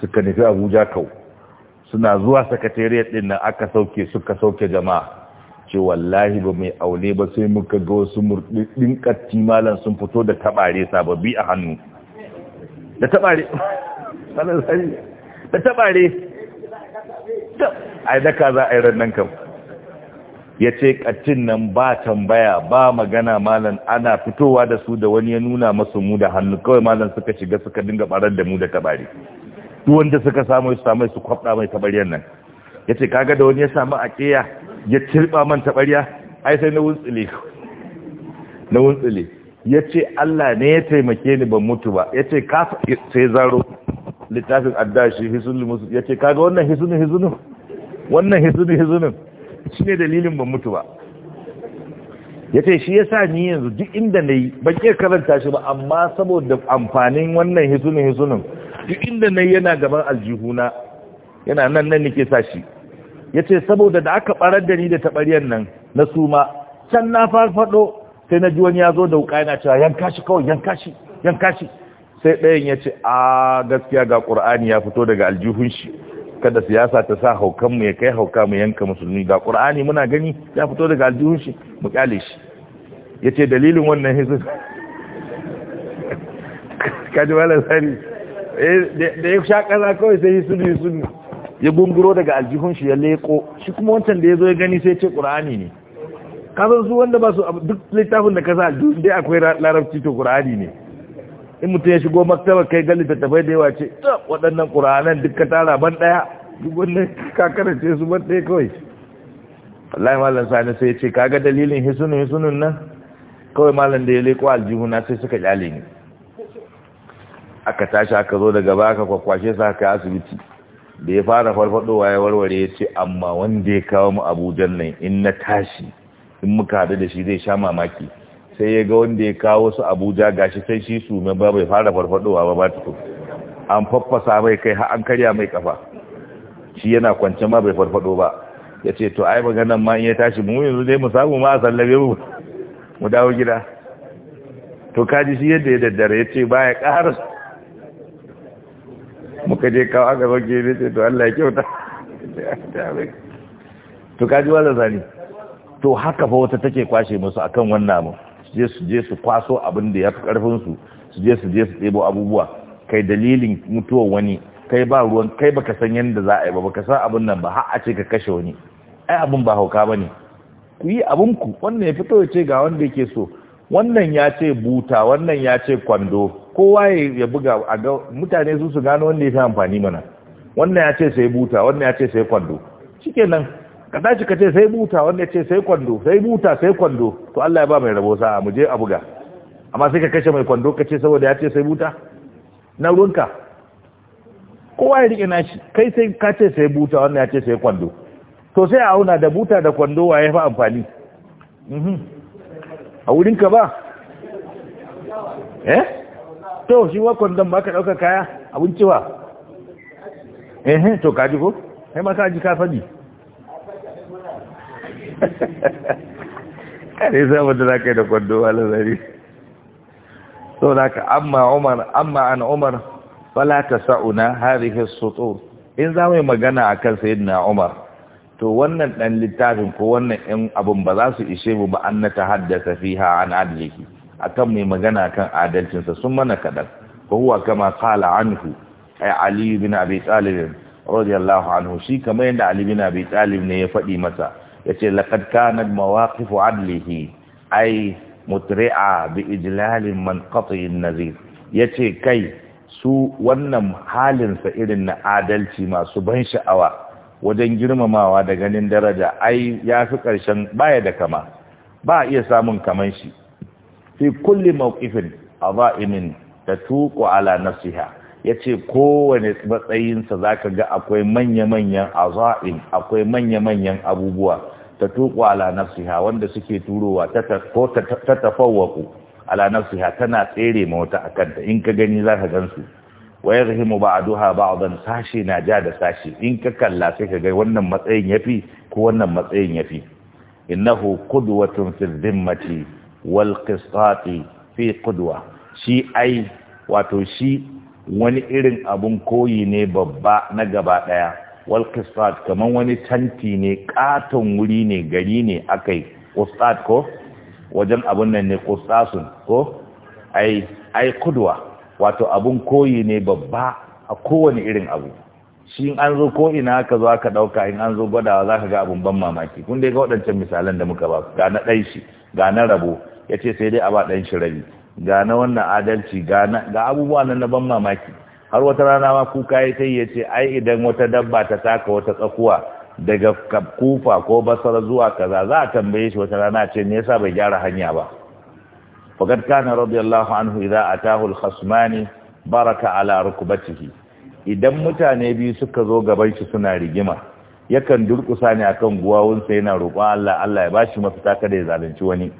suka nufi abuja kau suna zuwa sakatariyar ɗin nan aka sauke suka sauke jama'a ce wallahi ba mai aure ba sai muka ga wasu murɗin ƙatti malam sun fito da taɓare sababbi a hannu da taɓare da taɓare a yi daka za a yi rannan kam ya ce ƙattin nan ba tambaya ba magana malam, ana fitowa da su da wani ya nuna masu mu da hannu kawai malam suka shiga suka dinga ɓarar da mu da taɓare duk wanda suka samu su samu su kwabɗa mai taɓaryen nan ya ce kaga da wani ya samu a ƙeya ya cirba man taɓarya ai sai na wuntsile na wuntsile ya ce Allah ne ya taimake ni ban mutu ba ya ce ka sai zaro littafin addashi hisulun musu ya ce kaga wannan hisunin hisunin wannan hisunin hisunin shi ne dalilin ban mutu ba ya ce shi ya sa ni yanzu duk inda na yi ban iya karanta shi ba amma saboda amfanin wannan hisunin hisunin duk inda na yi yana gaban aljihuna yana nan nan nake sa shi ya ce saboda da aka ɓarar da ni da taɓariyar nan na suma can na farfaɗo sai na ji wani ya zo da wuƙa yana cewa yanka shi kawai yanka shi yanka shi sai ɗayan ya ce a gaskiya ga ƙur'ani ya fito daga aljihun shi kada siyasa ta sa haukan mu ya kai hauka mu yanka musulmi ga ƙur'ani muna gani ya fito daga aljihun shi mu kyale shi ya ce dalilin wannan hisu kaji malar sani eh, da ya sha kaza kawai sai hisu ne hisu ne ya gunguro daga aljihun shi ya leko shi kuma wancan da ya zo ya gani sai ce ƙura'ani ne kasan su wanda ba su duk littafin da kasa aljihun dai akwai larabci to ƙura'ani ne in mutum ya shigo maktaba kai ga littattafai da yawa ce waɗannan ƙura'anan duk ka tara ban ɗaya duk wannan ka karance su ban ɗaya kawai wallahi malam sani sai ya ce kaga dalilin hisunin hisunun nan kawai malam da ya leko na sai suka kyale ni aka tashi aka zo daga baka aka kwakwashe su aka asibiti da ya fara farfadowa ya warware ya ce amma wanda ya kawo mu abujan nan in na tashi in muka haɗu da shi zai sha mamaki sai ya ga wanda ya kawo su abuja gashi sai shi su mai ba bai fara farfadowa ba ba tuku an faffasa mai kai har an karya mai kafa shi yana kwance ma bai farfado ba ya ce to ai maganan ma in ya tashi mu yanzu dai mu samu ma a sallabe mu mu dawo gida to kaji shi yadda ya daddare ya ce ba ya ƙara muka je kawo aka ne ce to Allah ya kyauta to kaji wala zani to haka fa wata take kwashe musu akan wannan abu je su je su kwaso abin da ya fi karfin su su je su je su ɗebo abubuwa kai dalilin mutuwar wani kai ba ruwan kai baka san yadda za a yi ba baka san abin nan ba har a ce ka kashe wani ai abin ba hauka bane ku yi abin ku wannan ya fito ya ce ga wanda yake so wannan ya ce buta wannan ya ce kwando kowa ya buga a ga mutane su su gano wanda ya fi amfani mana wannan ya ce sai buta wannan ya ce sai kwando nan ka tashi ka ce sai buta wannan ya ce sai kwando sai buta sai kwando to Allah ya ba mai rabo sa'a mu je a buga amma sai ka kashe mai kwando ka ce saboda ya ce sai buta na ruwanka kowa ya rike nashi kai sai ka ce sai buta wannan ya ce sai kwando to sai a auna da buta da kwando wa ya fi amfani mhm. a wurinka ba eh to shi wa kwandon ba ka ɗauka kaya abinci cewa? eh, eh to kaji ko sai ma kaji ka faɗi kare zama mu za ka yi da kwando alazari so to ka amma umar amma an umar fala ta sa'una harihi sutur in za mu yi magana akan sayyidina umar to wannan dan littafin ko wannan yan abun ba za su ishe mu ba annata na ta haddasa fiha an adlihi akan mai magana kan adalcinsa sun mana kaɗan ko huwa kama qala anhu ay ali bin abi talib radiyallahu anhu shi kamar yadda ali bin abi talib ne ya faɗi masa yace laqad kanat mawaqifu adlihi ay mutri'a bi ijlalin man qati'in nazir yace kai su wannan halinsa irin na adalci masu ban sha'awa wajen girmamawa da ganin daraja ai ya fi ƙarshen baya da kama ba a iya samun kaman shi fi kulli mawqifin aza'imin da tuqu ala nafsiha yace kowane matsayinsa zaka ga akwai manya-manyan aza'im akwai manya-manyan abubuwa ta tuqu ala nafsiha wanda suke turowa ta ko ta tafawwaku ala nafsiha tana tsere mota akanta in ka gani zaka gansu wa duha ba ba'dan sashi na ja da sashi in ka kalla sai ka ga wannan matsayin ya fi ko wannan matsayin ya yafi innahu qudwatun fi dhimmati wal qisati fi qudwa shi ai wato shi wani irin abun koyi ne babba na gaba daya wal kamar kaman wani canti ne katon wuri ne gari ne akai qisat ko wajen abun nan ne qisasun ko ai ai wato abun koyi ne babba a kowane irin abu shi in an zo ko ina ka zo aka ɗauka in an zo gwadawa za ka ga abun ban mamaki kun dai ga waɗancan misalan da muka ba ga na ɗan shi ga na rabo ya ce sai dai a ba ɗan shi rabi ga na wannan adalci ga abubuwa na ban mamaki har wata rana ma kuka ya ta ya ce ai idan wata dabba ta taka wata tsakuwa daga kufa ko basara zuwa kaza za a tambaye shi wata rana ce me yasa bai gyara hanya ba وقد كان رضي الله عنه إذا أتاه الخصمان برك على ركبته idan mutane biyu suka zo gaban shi suna rigima yakan durkusa ne akan guwawunsa yana roƙo. Allah Allah ya bashi mafita kada ya zalunci wani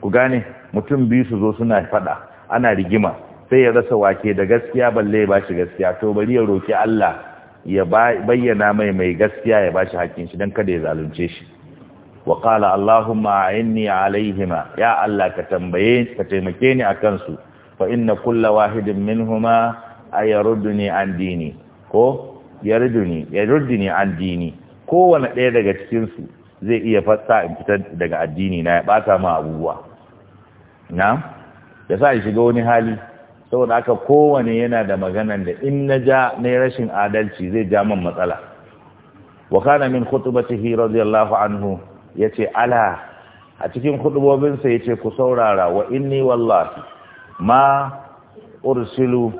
ku gane mutum biyu su zo suna faɗa ana rigima sai ya rasa wake da gaskiya balle ya bashi gaskiya to bari ya roki Allah ya bayyana mai mai gaskiya ya bashi hakkin shi dan kada ya zalunce shi wa qala allahumma a'inni alaihima ya allah ka tambaye ka taimake ni akan su fa inna kulla wahidin minhuma ayarudduni an dini ko yarudduni yarudduni an kowane ɗaya daga cikin su zai iya fassa in fita daga addini na ya bata ma abubuwa na ya sa ya shiga wani hali saboda haka kowane yana da maganan da in na ja na rashin adalci zai ja min matsala wa kana min khutbatihi radiyallahu anhu ya ce ala a cikin hudubobinsa ya ce ku saurara wa inni wallahi ma ursilu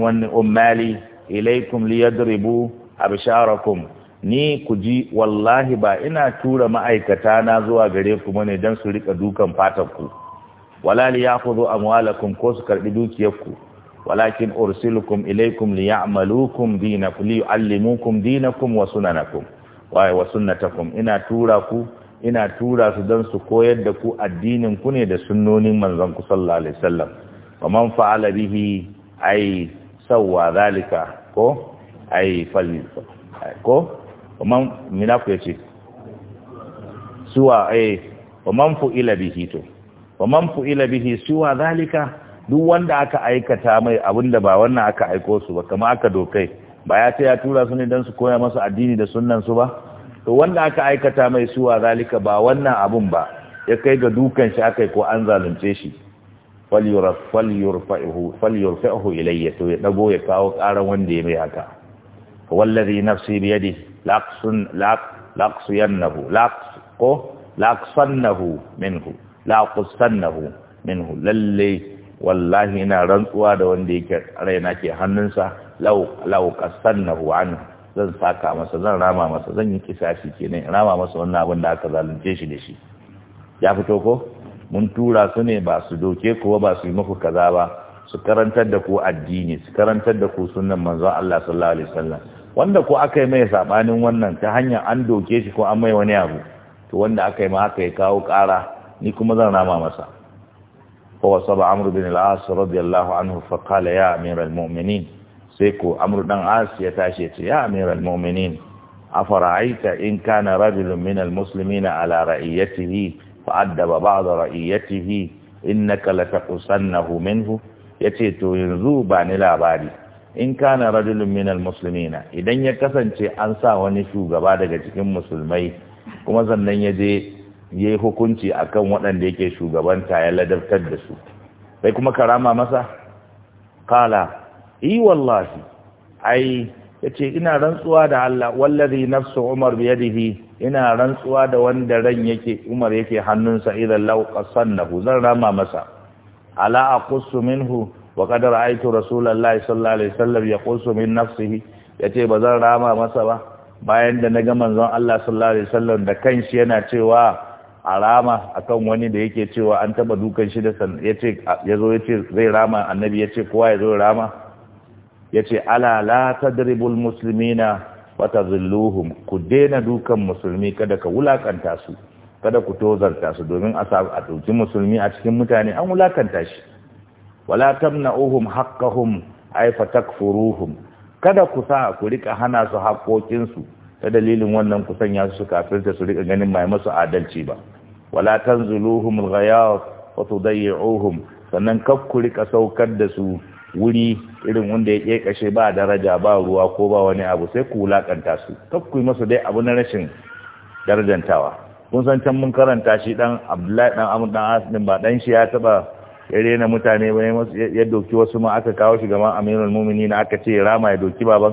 wani ummali ilaikum liyadribu absharakum ni ku ji wallahi ba ina tura ma'aikata na zuwa gare ku bane dan su rika dukan fatan ku ya li ya'khudhu amwalakum ko su karɓi dukiyarku. walakin ursilukum ilaikum liya'malukum dinakum liyu'allimukum dinakum wa sunanakum waye wa sunnatakum ina tura ku ina tura su don su koyar da ku addinin ku ne da sunnonin manzon ku sallallahu alaihi wasallam wa man fa'ala bihi ay sawwa zalika ko ay fal ko man mina ku yace suwa ay wa man fu'ila bihi to wa man fu'ila bihi suwa zalika duk wanda aka aikata mai abinda ba wannan aka aiko su ba kamar aka dokai ba ya ce ya tura su ne don su koya masu addini da sunnan su ba to wanda aka aikata mai suwa zalika ba wannan abun ba ya kai ga dukan shi yi ko an zalunce shi falyurfa'uhu ilayya to ya dago ya kawo karan wanda ya mai haka wallazi nafsi bi yadi laqsun laq ko laqsannahu minhu laqsannahu minhu lalle wallahi ina rantsuwa da wanda yake raina ke hannunsa lau na anhu zan saka masa zan rama masa zan yi kisashi kenan rama masa wannan abin da aka zalunce shi da shi ya fito ko mun tura su ne ba su doke kuwa ba su yi muku kaza ba su karantar da ku addini su karantar da ku sunan manzon Allah sallallahu alaihi wasallam wanda ko aka yi mai sabanin wannan ta hanyar an doke shi ko an mai wani abu to wanda aka yi ma aka yi kawo ƙara ni kuma zan rama masa fa wasaba amr bin al-as radiyallahu anhu fa qala ya amiral mu'minin sai ko amru dan as ya tashi ya ce ya amiral mu'minin afara'aita in kana rajulun min almuslimina ala ra'iyatihi fa addaba ba'd ra'iyatihi innaka lataqusannahu minhu yace to yanzu ba ni labari in kana rajulun min almuslimina idan ya kasance an sa wani shugaba daga cikin musulmai kuma zannan ya je yayi hukunci akan waɗanda yake shugabanta ya ladabtar da su sai kuma karama masa kala yi wallahi ai yace ina rantsuwa da Allah wallazi nafsu Umar biyadihi ina rantsuwa da wanda ran yake Umar yake hannunsa idan law qasannahu zan rama masa ala aqussu minhu wa qad ra'aytu rasulullahi sallallahu alaihi wasallam yaqussu min nafsihi yace bazan rama masa ba bayan da naga manzon Allah sallallahu alaihi wasallam da kanshi yana cewa a rama akan wani da yake cewa an taba dukan shi da san yace yazo yace zai rama annabi yace kowa yazo rama yace ala la tadribul muslimina wa tadhilluhum ku daina dukan musulmi kada ka wulakanta su kada ku tozarta su domin a ɗauki musulmi a cikin mutane an wulakanta shi wala tamna'uhum haqqahum ay fatakfuruhum kada ku sa ku rika hana su su ta dalilin wannan ku sanya su kafirta su rika ganin mai masu adalci ba wala tanzuluhum alghayat wa tudayyuhum sannan kaf ku rika saukar da su wuri irin wanda ya kekashe ba daraja ba ruwa ko ba wani abu sai ku wulakanta su kakku masu dai abu na rashin darajantawa kun san can mun karanta shi dan abdullahi dan amur dan asibin ba dan shi ya taba ya rena mutane ba ya doki wasu ma aka kawo shi gama aminul mumini na aka ce rama ya doki baban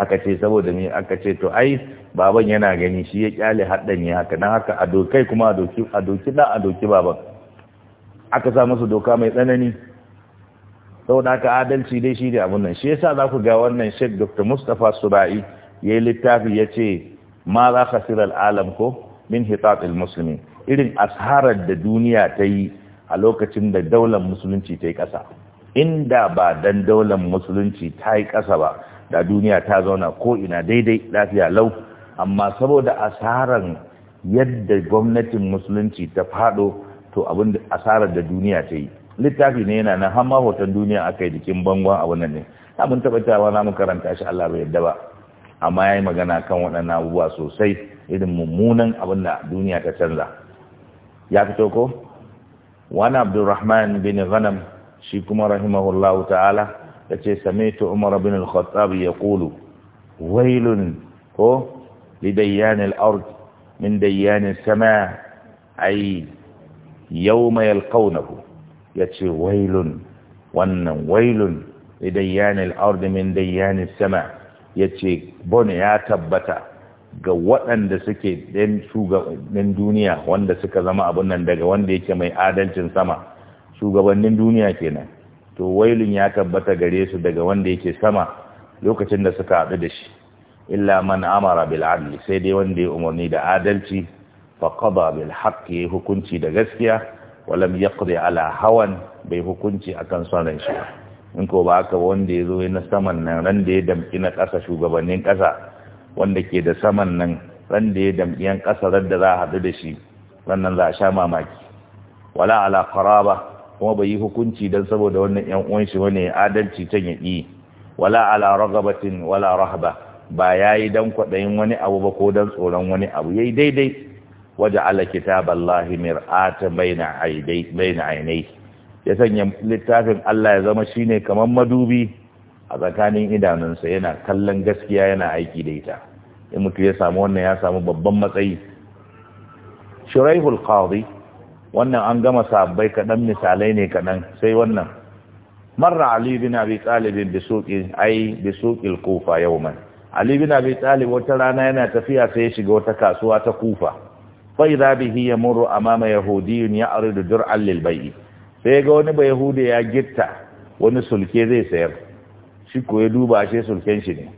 aka ce saboda me aka ce to ai baban yana gani shi ya kyale haddan ya haka dan haka a dokai kuma a doki a a doki baban aka sa masa doka mai tsanani saboda haka adalci dai shi ne abun nan shi yasa za ku ga wannan Sheikh Dr. Mustapha Subai yi littafi Ya ce ma za ka al-alam ko min hitat al irin asharar da duniya ta yi a lokacin da daular musulunci ta yi ƙasa inda ba dan daular musulunci ta yi ƙasa ba da duniya ta zauna ko ina daidai lafiya lau amma saboda asaran yadda gwamnatin musulunci ta fado to abin asarar da duniya ta yi littafi ne yana nan hamma hoton duniya aka yi jikin bangon a wannan ne abin tabbatawa na mu karanta shi Allah bai yadda ba amma yayi magana kan waɗannan abubuwa sosai irin mummunan abin da duniya ta canza ya fito ko wani abdulrahman bin ghanam shi kuma rahimahullahu ta'ala ya ce samitu umar bin al-khattab ya kulu wailun ko lidayyan al-ard min dayyan sama ay yawma yalqawnahu ya ce wailun wannan wailun idan idayyanil ardi min dayyani sama ya ce bone ya tabbata ga waɗanda suke dan shugabannin duniya wanda suka zama abin nan daga wanda yake mai adalcin sama shugabannin duniya kenan to wailun ya tabbata gare su daga wanda yake sama lokacin da suka haɗu da shi illa man amara bil adli sai dai wanda ya umarni da adalci fa qada bil haqqi hukunci da gaskiya walam yaqdi ala hawan bai hukunci akan sanan shi in ko ba haka wanda ya zo na saman nan ran da ya damki na ƙasa shugabannin ƙasa wanda ke da saman nan ran da ya damki yan ƙasa ran da za a haɗu da shi wannan za a sha mamaki wala ala qaraba kuma bai yi hukunci dan saboda wannan yan uwan shi wani adalci can ya yi wala ala ragabatin wala rahba ba yayi dan kwaɗayin wani abu ba ko dan tsoron wani abu yayi daidai waja'ala kitaballahi mir'ata baina aidai baina ainai ya sanya littafin Allah ya zama shine kamar madubi a tsakanin idanunsa yana kallon gaskiya yana aiki da ita in mutu ya samu wannan ya samu babban matsayi shuraihul qadi wannan an gama sabbai kaɗan misalai ne kaɗan sai wannan marra ali bin abi talib bi suqi ai bi al kufa yawman ali bin abi talib wata rana yana tafiya sai ya shiga wata kasuwa ta kufa فإذا به يمر أمام يهودي يعرض درعا للبيع sai ga wani ba ya gitta wani sulke zai sayar shi ko ya duba shi sulken shi ne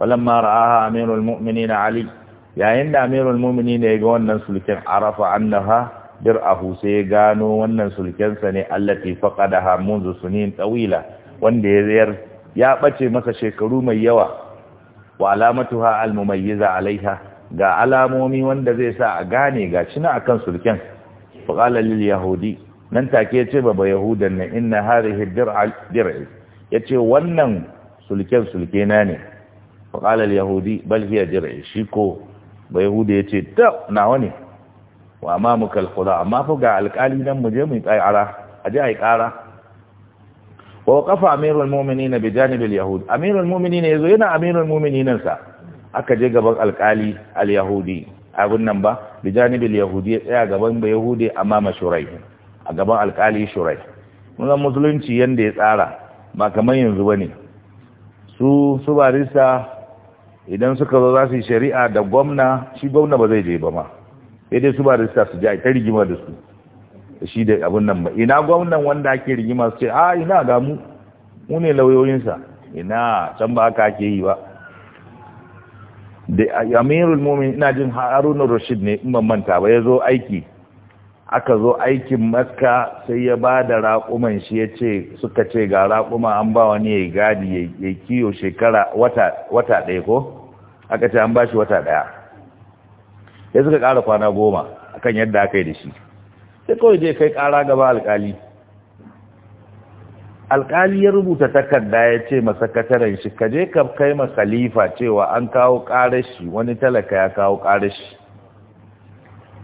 falamma ra'aha amirul muminina ali yayin da amirul muminina ya ga wannan sulken arafa annaha dir'ahu sai ya gano wannan sulken sa ne allati faqadaha منذ sunin tawila wanda ya zayar ya bace masa shekaru mai yawa wa alamatuha almumayyiza alaiha ga alamomi wanda zai sa a gane ga cina akan sulken faƙala lil yahudi nan take ya ce baba yahudan na inna harihi dir'i ya ce wannan sulken sulke na ne faƙala yahudi bal hiya dir'i shi ko ba yahuda ya ce ta nawa ne wa amma mu kalkula amma fa ga alƙali nan mu je mu yi ƙara a je a yi ƙara wa waqafa amirul mu'minin bi janibil yahud amirul mu'minin yazo yana amirul mu'minin sa aka je gaban alkali al-yahudi abin nan ba da janibin yahudi ya tsaya gaban ba yahudi amma mashurai a gaban alkali shurai mun musulunci yanda ya tsara ba kamar yanzu bane. su su barista idan suka zo za su yi shari'a da gwamna shi gwamna ba zai je ba ma sai dai su barista su ja ta rigima da su shi da abun nan ba ina gwamnan wanda ake rigima su ce a ah, ina ga mu mu ne lauyoyinsa ina can ba aka ake yi ba da amirul mumin ina jin haruna rashid ne in manta ba ya zo aiki aka zo aikin makka sai ya ba da raƙuman shi ya ce suka ce ga raƙuma an ba wani ya gadi ya kiyo shekara wata ɗaya ko aka ce an ba shi wata ɗaya ya suka ƙara kwana goma akan yadda aka yi da shi sai kawai je kai ƙara gaba alƙali Alƙali ya rubuta takarda ya ce masa kataren shi ka je ka kai ma khalifa cewa an kawo ƙarashi wani talaka ya kawo ƙarashi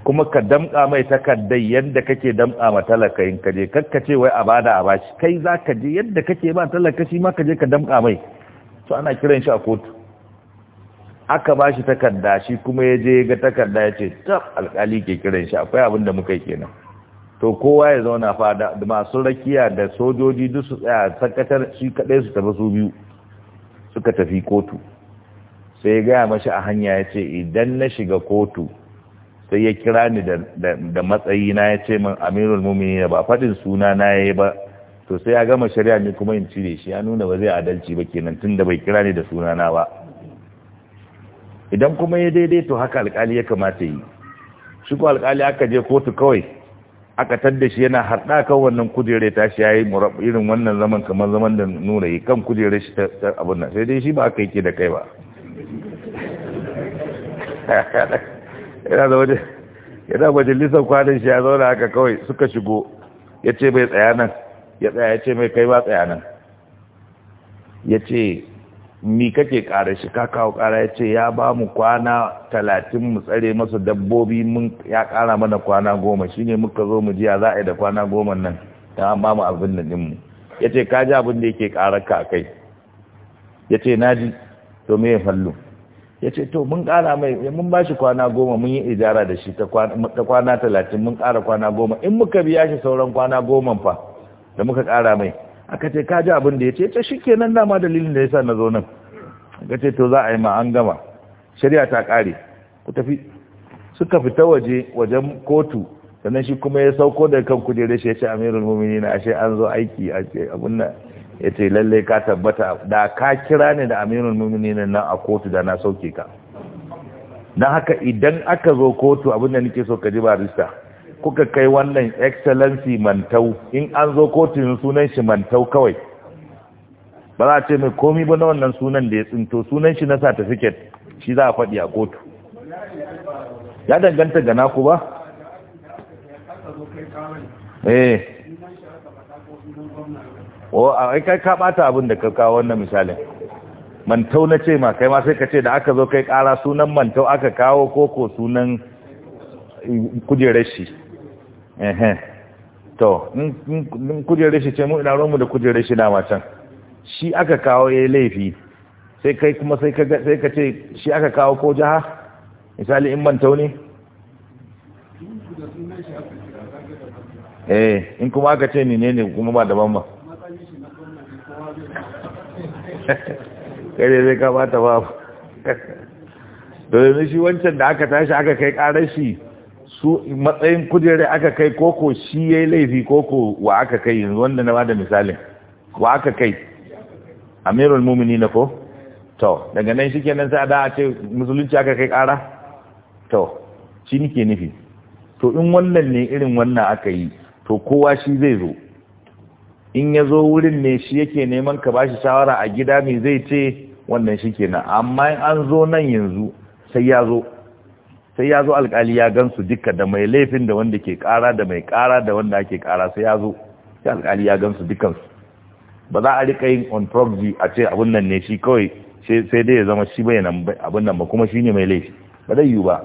kuma ka damƙa mai takardai yadda kake damƙa ma talaka ka je kakka ce wai a bada a bashi kai za ka je yadda kake ba talaka shi ma ka je ka damƙa mai to ana kiran shi a kotu aka ba shi takarda shi kuma ya je ga takarda ya ce tab Alƙali ke kiran shi akwai abin da muka yi kenan to kowa ya zauna fada masu rakiya da sojoji duk su tsaya sakatar shi kaɗai su tafi su biyu suka tafi kotu sai ya gaya mashi a hanya ya ce idan na shiga kotu sai ya kira ni da matsayi na ya ce min amirul mumini ba faɗin suna na ya ba to sai ya gama shari'a ne kuma in cire shi ya nuna ba zai adalci ba kenan tun da bai kira ni da suna na ba idan kuma ya daidai to haka alkali ya kamata yi shi ko alkali aka je kotu kawai aka tadda shi yana harɗa kan wannan kujerar ta shi yayi irin wannan zaman kamar zaman da nuna yi kan kujerar shi ta abin nan sai dai shi ba aka yake da kai ba yana majalisar kwanan shi ya zauna aka kawai suka shigo ya ce bai tsaya nan ya tsaya ya ce mai kai ba tsaya nan ya ce Ni kake kara shi ka kawo kara ya ce ya ba mu kwana talatin mu tsare masa dabbobi mun ya kara mana kwana goma shi ne muka zo mu jiya za a yi da kwana goma nan ta an ba mu abin da ɗinmu ya ce ka ji abin da yake kara ka kai ya ce na ji to me ya fallo ya ce to mun kara mai mun ba shi kwana goma mun yi ijara da shi ta kwana talatin mun kara kwana goma in muka biya shi sauran kwana goma fa da muka kara mai aka ce ka ji abin da ya ce ta shi kenan dama dalilin da ya sa na zo nan aka ce to za a yi ma an gama shari'a ta kare ku tafi suka fita waje wajen kotu sannan shi kuma ya sauko da kan kujerar shi ya ce amirul mumini na ashe an zo aiki a ce abin nan ya ce lallai ka tabbata da ka kira ne da amirul mumini nan a kotu da na sauke ka don haka idan aka zo kotu abin da nake so ka ji barista kuka kai wannan excellency mantau in an zo kotun sunan shi mantau kawai ba za a ce mai komi ba na wannan sunan da ya tsinto sunan shi na certificate shi za a faɗi a kotu ya danganta ga naku ba eh o a kai ka bata abin da ka kawo wannan misalin mantau na ce ma kai ma sai ka ce da aka zo kai kara sunan mantau aka kawo koko sunan kujerar shi to in kujerar shi ce mu ina romu da kujerar shi dama can shi aka kawo ya laifi sai kai kuma sai ka ce shi aka kawo ko jiha misali in manta ne eh in kuma aka ce ni ne ne kuma ba daban ba kare zai kamata bata babu to yanzu shi wancan da aka tashi aka kai karar shi su matsayin kujerai aka kai koko shi ya yi laifi koko wa aka kai yanzu wanda na bada misalin wa aka kai amirul mumini na ko to daga nan shi kenan sai da a ce musulunci aka kai kara to shi nike nufi to in wannan ne irin wannan aka yi to kowa shi zai zo in ya zo wurin ne shi yake neman ka bashi shawara a gida mai zai ce wannan shi kenan amma in an zo nan yanzu sai ya zo sai ya zo alkali ya gansu duka da mai laifin da wanda ke kara da mai kara da wanda ake kara sai ya zo sai alkali ya gansu dukansu ba za a rika yin on proxy a ce abun nan ne shi kawai sai dai ya zama shi bai nan abun nan ba kuma shine mai laifi ba zai yiwu ba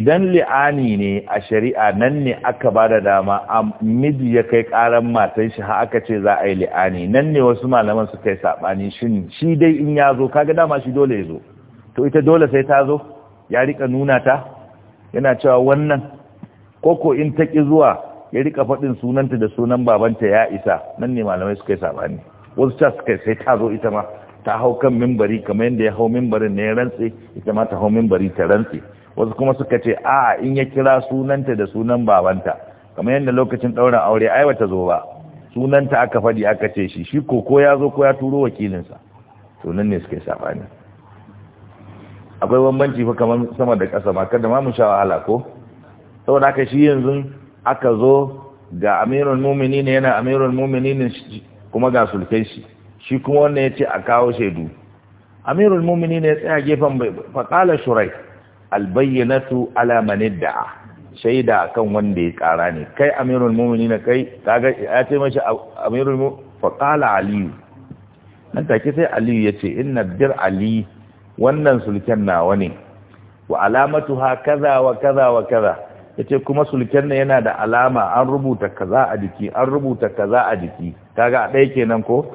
idan li'ani ne a shari'a nan ne aka ba da dama a miji ya kai karan matan shi ha aka ce za a yi li'ani nan ne wasu malaman su kai saɓani shin shi dai in ya zo kaga dama shi dole ya zo to ita dole sai ta zo ya rika nuna ta yana cewa wannan koko in taki zuwa ya rika faɗin sunanta da sunan babanta ya isa nan ne malamai suka yi sabani wasu ta suka sai ta zo ita ma ta hau kan mimbari kamar yadda ya hau mimbarin ne ya rantse ita ma ta hau mimbari ta rantse wasu kuma suka ce a in ya kira sunanta da sunan babanta kamar yadda lokacin ɗaurin aure ai ta zo ba sunanta aka faɗi aka ce shi shi ko ya zo ko ya turo wakilinsa to nan ne suka yi sabani akwai bambanci fa kamar sama da ƙasa ma kada ma mu sha wahala ko saboda haka shi yanzu aka zo ga amirul mu'minin yana amirul mu'minin kuma ga sulkai shi shi kuma wannan yace a kawo shaidu amirul mu'minin ya tsaya gefen fa qala shurai al bayyinatu ala man idda'a shaida kan wanda ya kara ne kai amirul mu'minin kai kaga ya ce mashi amirul fa qala ali nan take sai aliyu yace inna bir ali wannan sulken nawa ne wa alamatu ha kaza wa kaza wa kaza yace kuma sulken nan yana da alama an rubuta kaza a jiki an rubuta kaza a jiki kaga a ɗaya kenan ko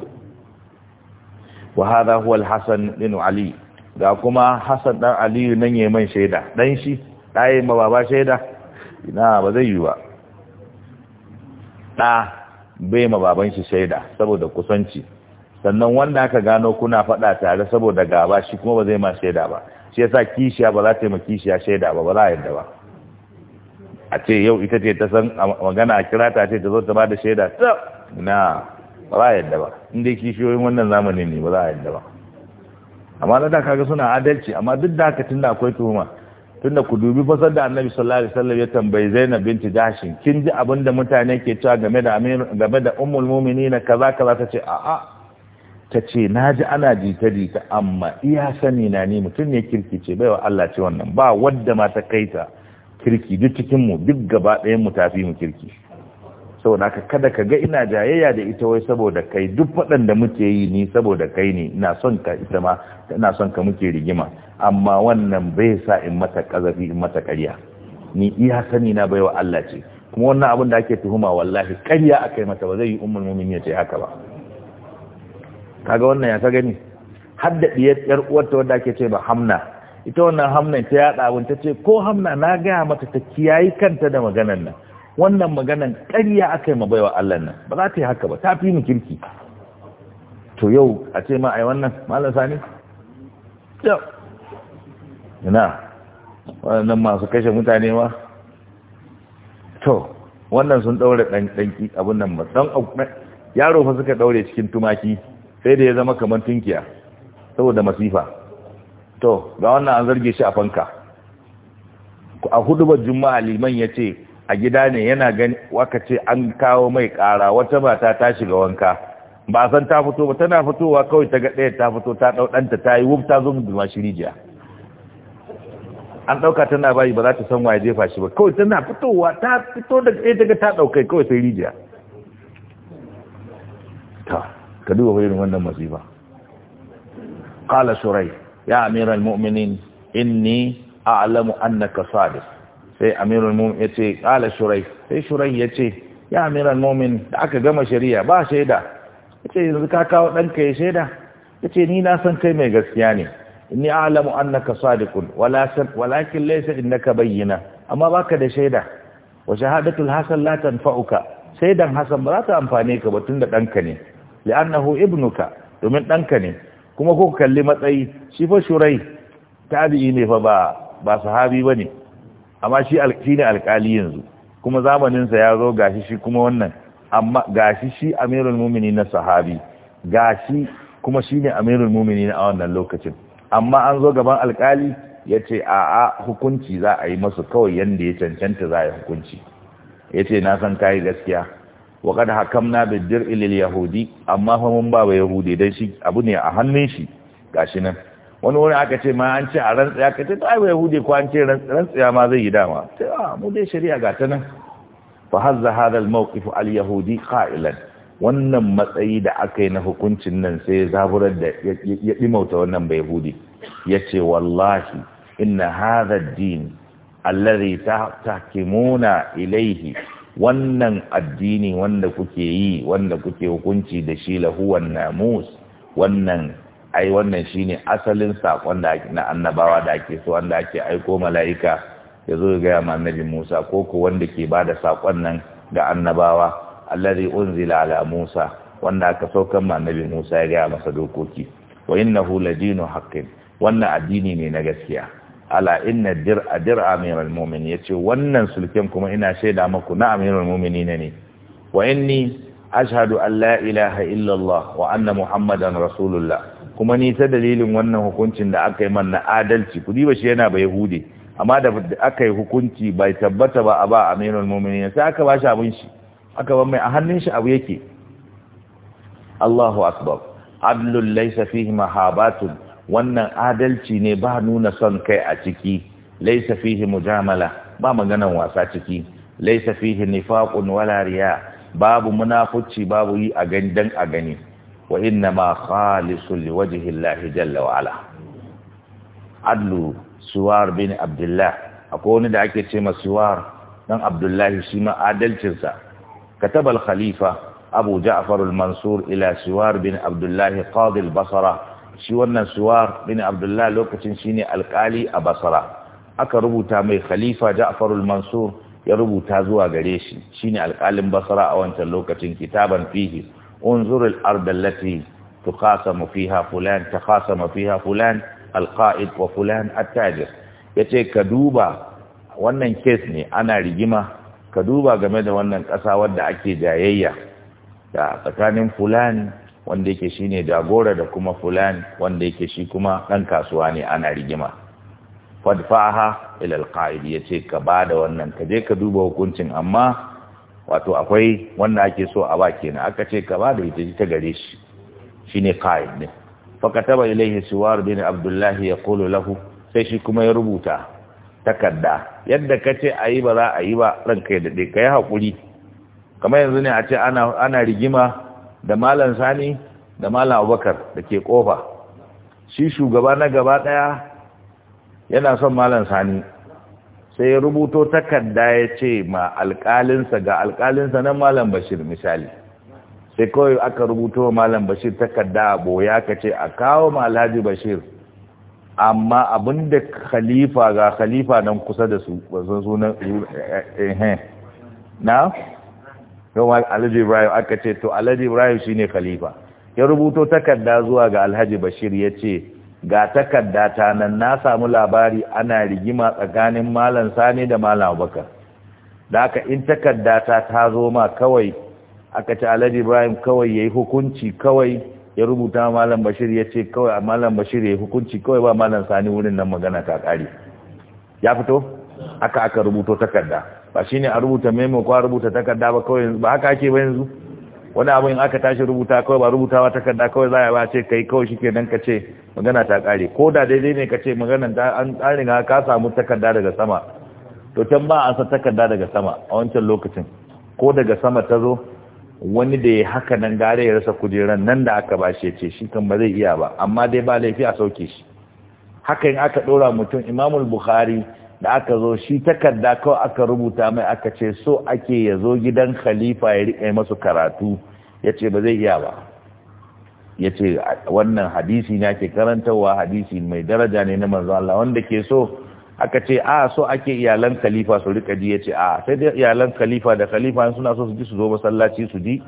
wa hada huwa al-hasan bin ali ga kuma hasan dan ali nan yayin man shaida dan shi dai ma baba shaida ina ba zai yi ba da bai ma baban shi shaida saboda kusanci sannan wanda aka gano kuna faɗa tare saboda gaba shi kuma ba zai ma shaida ba shi yasa kishiya ba za ta yi ma kishiya shaida ba ba za a yadda ba a ce yau ita ce ta san magana a kira ta ce ta zo ta ba da shaida ta na ba za a yadda ba in dai kishiyoyin wannan zamani ne ba za a yadda ba amma na da kaga suna adalci amma duk da haka tunda akwai tuhuma tunda ku dubi fasar da annabi sallallahu alaihi wasallam ya tambayi zainab binti jashin kin ji abin da mutane ke cewa game da game da ummul mu'minin kaza kaza ta ce a'a ta ce na ji ana jita-jita amma iya sani na ni mutum ne kirki ce baiwa Allah ce wannan ba wadda ma ta kai ta kirki duk mu duk gaba ɗayan mu tafi mu kirki saboda haka kada ka ga ina jayayya da ita wai saboda kai duk faɗan da muke yi ni saboda kai ne ina son ka ita ma ina son ka muke rigima amma wannan bai sa in mata kazafi in mata ƙarya ni iya sani na baiwa Allah ce kuma wannan abin da ake tuhuma wallahi ƙarya akai mata ba zai yi ummul mu'minin ya ce haka ba kaga wannan ya ka gani har da yar uwarta wanda ake ce ba hamna ita wannan Hamna ta yada abin ta ce ko hamna na gaya mata ta kiyayi kanta da maganan nan wannan maganan ƙarya aka yi baiwa Allah nan ba za ta yi haka ba ta fi mu kirki to yau a ce ma ai wannan malam sani to ina wannan masu kashe mutane ma to wannan sun daure dan danki abun nan ba dan yaro fa suka daure cikin tumaki sai da ya zama kamar tunkiya saboda masifa to ga wannan an zarge shi a fanka a hudubar juma'a liman ya ce a gida ne yana gani waka ce an kawo mai kara wata mata ta shiga wanka ba san ta fito ba tana fitowa kawai ta ga ɗaya ta fito ta ɗau ɗanta ta yi wuf ta zo mu shi rijiya an ɗauka tana bayi ba za ta san waye jefa shi ba kawai tana fitowa ta fito da ɗaya ta ga ta ɗaukai kawai sai rijiya ta ka duba irin wannan masifa qala surai ya amiral mu'minin inni a'lamu annaka sadiq sai amirul mu'min yace qala surai sai surai yace ya amiral mu'min da aka gama shari'a ba shaida yace yanzu ka kawo danka ya shaida yace ni na san kai mai gaskiya ne inni a'lamu annaka sadiqun wala walakin laysa innaka bayyina amma baka da shaida wa shahadatul hasan la tanfa'uka shaidan hasan ba za ta amfane ka ba tun da ɗanka ne li'annahu ibnuka domin ɗanka ne kuma ko kalli matsayi shi fa shurai tabi'i ne fa ba ba sahabi bane amma shi ne alƙali yanzu kuma zamaninsa ya zo gashi shi kuma wannan amma gashi shi amirul mumini na sahabi gashi kuma shi ne amirul mumini na wannan lokacin amma an zo gaban alkali ya ce a a hukunci za a yi masu kawai yadda ya cancanta za a yi hukunci ya ce na san kayi gaskiya wa kad hakamna bid ilil yahudi amma fa mun ba yahudi dai shi abu ne a hannun shi gashi nan wani wani aka ce ma an ce a rantsaya ka ce ai yahudi ko an ce rantsaya ma zai yi dama sai a mu dai shari'a ga ta nan fa hazza hadha al mawqif al yahudi qailan wannan matsayi da aka yi na hukuncin nan sai zaburar da ya dimauta wannan bai yahudi yace wallahi inna hadha ad-din alladhi tahkimuna ilayhi wannan addini wanda kuke yi wanda kuke hukunci da shi lahuwan namus wannan ai wannan shine asalin sakon da na annabawa da ake so wanda ake aiko mala'ika ya zo ga yamma annabi Musa ko ko wanda ke bada sakon nan ga annabawa allazi unzila ala Musa wanda aka saukan ma annabi Musa ya ga masa dokoki wa innahu ladinu haqqin wannan addini ne na gaskiya ala inna dir'a dir'a amirul mu'minin yace wannan sulken kuma ina shaida maku na amirul mu'minin ne wa inni ashhadu an la ilaha illallah wa anna muhammadan rasulullah kuma ni ta dalilin wannan hukuncin da aka yi man na adalci kudi ba shi yana ba yahudi amma da aka yi hukunci bai tabbata ba a ba amirul mu'minin sai aka ba shi abin shi aka ba mai a hannun shi abu yake Allahu akbar adlun laysa fihi mahabatun wannan adalci ne ba nuna son kai a ciki laisa fihi mujamala ba maganan wasa ciki laisa fihi nifaqun wala riya babu munafuci babu yi a gani dan a gani wa inna ma khalisun liwajhi Allah jalla wa ala adlu suwar bin abdullah akwai wani da ake ce ma suwar dan abdullahi shi ma adalcinsa katabal khalifa abu ja'far al-mansur ila suwar bin abdullah qadi al-basra shi wannan suwar bin abdullah lokacin shine alkali a basra aka rubuta mai khalifa ja'farul mansur ya rubuta zuwa gare shi shine alkalin basra a wancan lokacin kitaban fihi unzurul ard allati tukhasamu fiha fulan takhasama fiha fulan alqa'id wa fulan attajir yace ka duba wannan case ne ana rigima ka duba game da wannan kasa wadda ake jayayya da tsakanin fulan wanda yake shi ne jagora da kuma fulani wanda yake shi kuma ɗan kasuwa ne ana rigima fadfaha ila alqaidi yace ka bada wannan ka je ka duba hukuncin amma wato akwai wanda ake so a ba kenan aka ce ka bada ita ta gare shi shine qa'id ne fa kataba ilayhi suwar bin abdullah yaqulu lahu sai shi kuma ya rubuta takarda yadda kace ayi ba za a yi ba ranka ya dade kai hakuri kamar yanzu ne a ce ana ana rigima da malam sani da malam abubakar da ke kofa shi shugaba na gaba ɗaya yana son malam sani sai ya rubuto takarda ya ce ma alkalinsa ga alkalinsa na malam bashir misali sai kawai aka rubuto malam bashir takarda a boya ka ce a kawo ma alhaji bashir amma abin da khalifa ga khalifa nan kusa da su ba sunan eh, eh, eh, na yau alhaji ibrahim aka ce to alhaji ibrahim shine khalifa ya rubuto takarda zuwa ga alhaji bashir ya ce ga takarda ta nan na samu labari ana rigima tsakanin malam sani da malam abubakar da aka in takarda ta ta zo ma kawai aka ce alhaji ibrahim kawai ya yi hukunci kawai ya rubuta malam bashir ya ce kawai malam bashir ya yi hukunci kawai ba malam sani wurin nan magana ta kare ya fito aka aka rubuto takarda ba shi ne a rubuta memo ko a rubuta takarda ba kawai ba haka ake ba yanzu wani abu in aka tashi rubuta kawai ba rubutawa takarda kawai za a ba ce kai kawai shi ke nan ka ce magana ta kare ko da daidai ne ka ce magana ta an tsarin ka samu takarda daga sama to can ba a san takarda daga sama a wancan lokacin ko daga sama ta zo wani da ya haka nan gare ya rasa kujeran nan da aka ba shi ce shi kan ba zai iya ba amma dai ba laifi a sauke shi haka in aka dora mutum imamul bukhari da aka zo shi takarda kawai aka rubuta mai aka ce so ake ya zo gidan khalifa ya riƙe masu karatu ya ce ba zai iya ba ya ce wannan hadisi na ke karantarwa hadisi mai daraja ne na manzo Allah wanda ke so aka ce a so ake iyalan khalifa su riƙa ji ya ce a sai dai iyalan khalifa da khalifa suna so su ji su zo masallaci su ji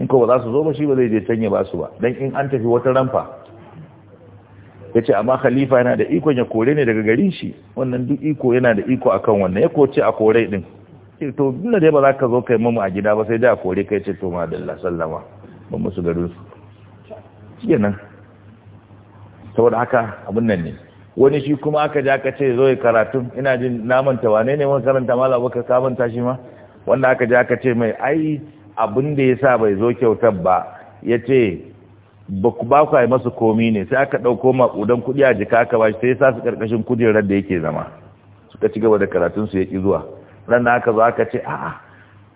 in ko ba za su zo ba shi ba zai je can ya ba su ba dan in an tafi wata ramfa ya ce amma khalifa yana da iko ya kore ne daga gari shi wannan duk iko yana da iko a kan wannan ya koce a kore din to dole dai ba za ka zo kai mamu a gida ba sai da a kore kai ce to madalla sallama ba musu garin su shikenan saboda haka abin nan ne wani shi kuma aka ja aka ce zo karatu ina jin naman ta wane ne wani karanta mala baka ka shi ma wanda aka ja aka ce mai ai abin da ya sa bai zo kyautar ba ya ce ba ku ba ku masu komi ne sai aka ɗauko maƙudan kuɗi a jika aka ba sai sa su ƙarƙashin kujerar da yake zama suka ci gaba da karatun su ya ƙi zuwa ran aka zo aka ce a'a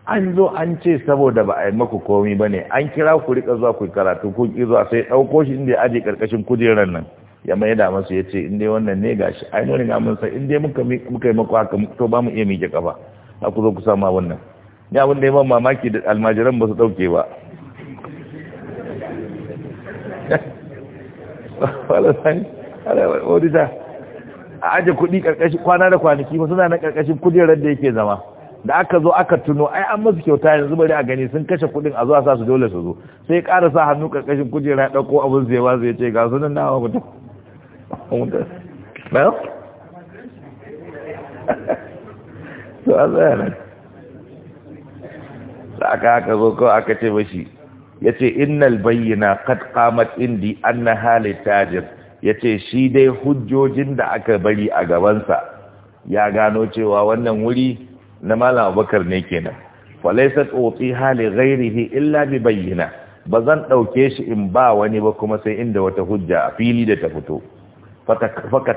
an zo an ce saboda ba a yi maku komi ba ne an kira ku riƙa zuwa ku karatu ku ƙi zuwa sai ɗauko shi inda ya aje ƙarƙashin kujerar nan ya mai da masu ya ce inda wannan ne gashi ai mun ga mun san inda muka yi maku haka to ba mu iya miƙe ƙafa a ku zo ku sama wannan ya abin da ya mamaki da almajiran ba su ɗauke ba a aje kuɗi ƙarƙashin kwana da kwanaki ba suna na ƙarƙashin kujerar da yake zama da aka zo aka tuno ai an masu kyauta yanzu bari a gani sun kashe kuɗin a zuwa sa su dole su zo sai ƙara sa hannu ƙarƙashin kujera ya ɗauko abin zai ba zai ce ga nawa mutum bayan su an nan da aka zo aka ce mashi yace innal bayyana kat qamat indi anna hali tajir yace shi dai hujjojin da aka bari a gabansa ya gano cewa wannan wuri na malam abubakar ne kenan falaisat uti hali ghairihi illa bi Ba zan ɗauke shi in ba wani ba kuma sai inda wata hujja a fili da ta fito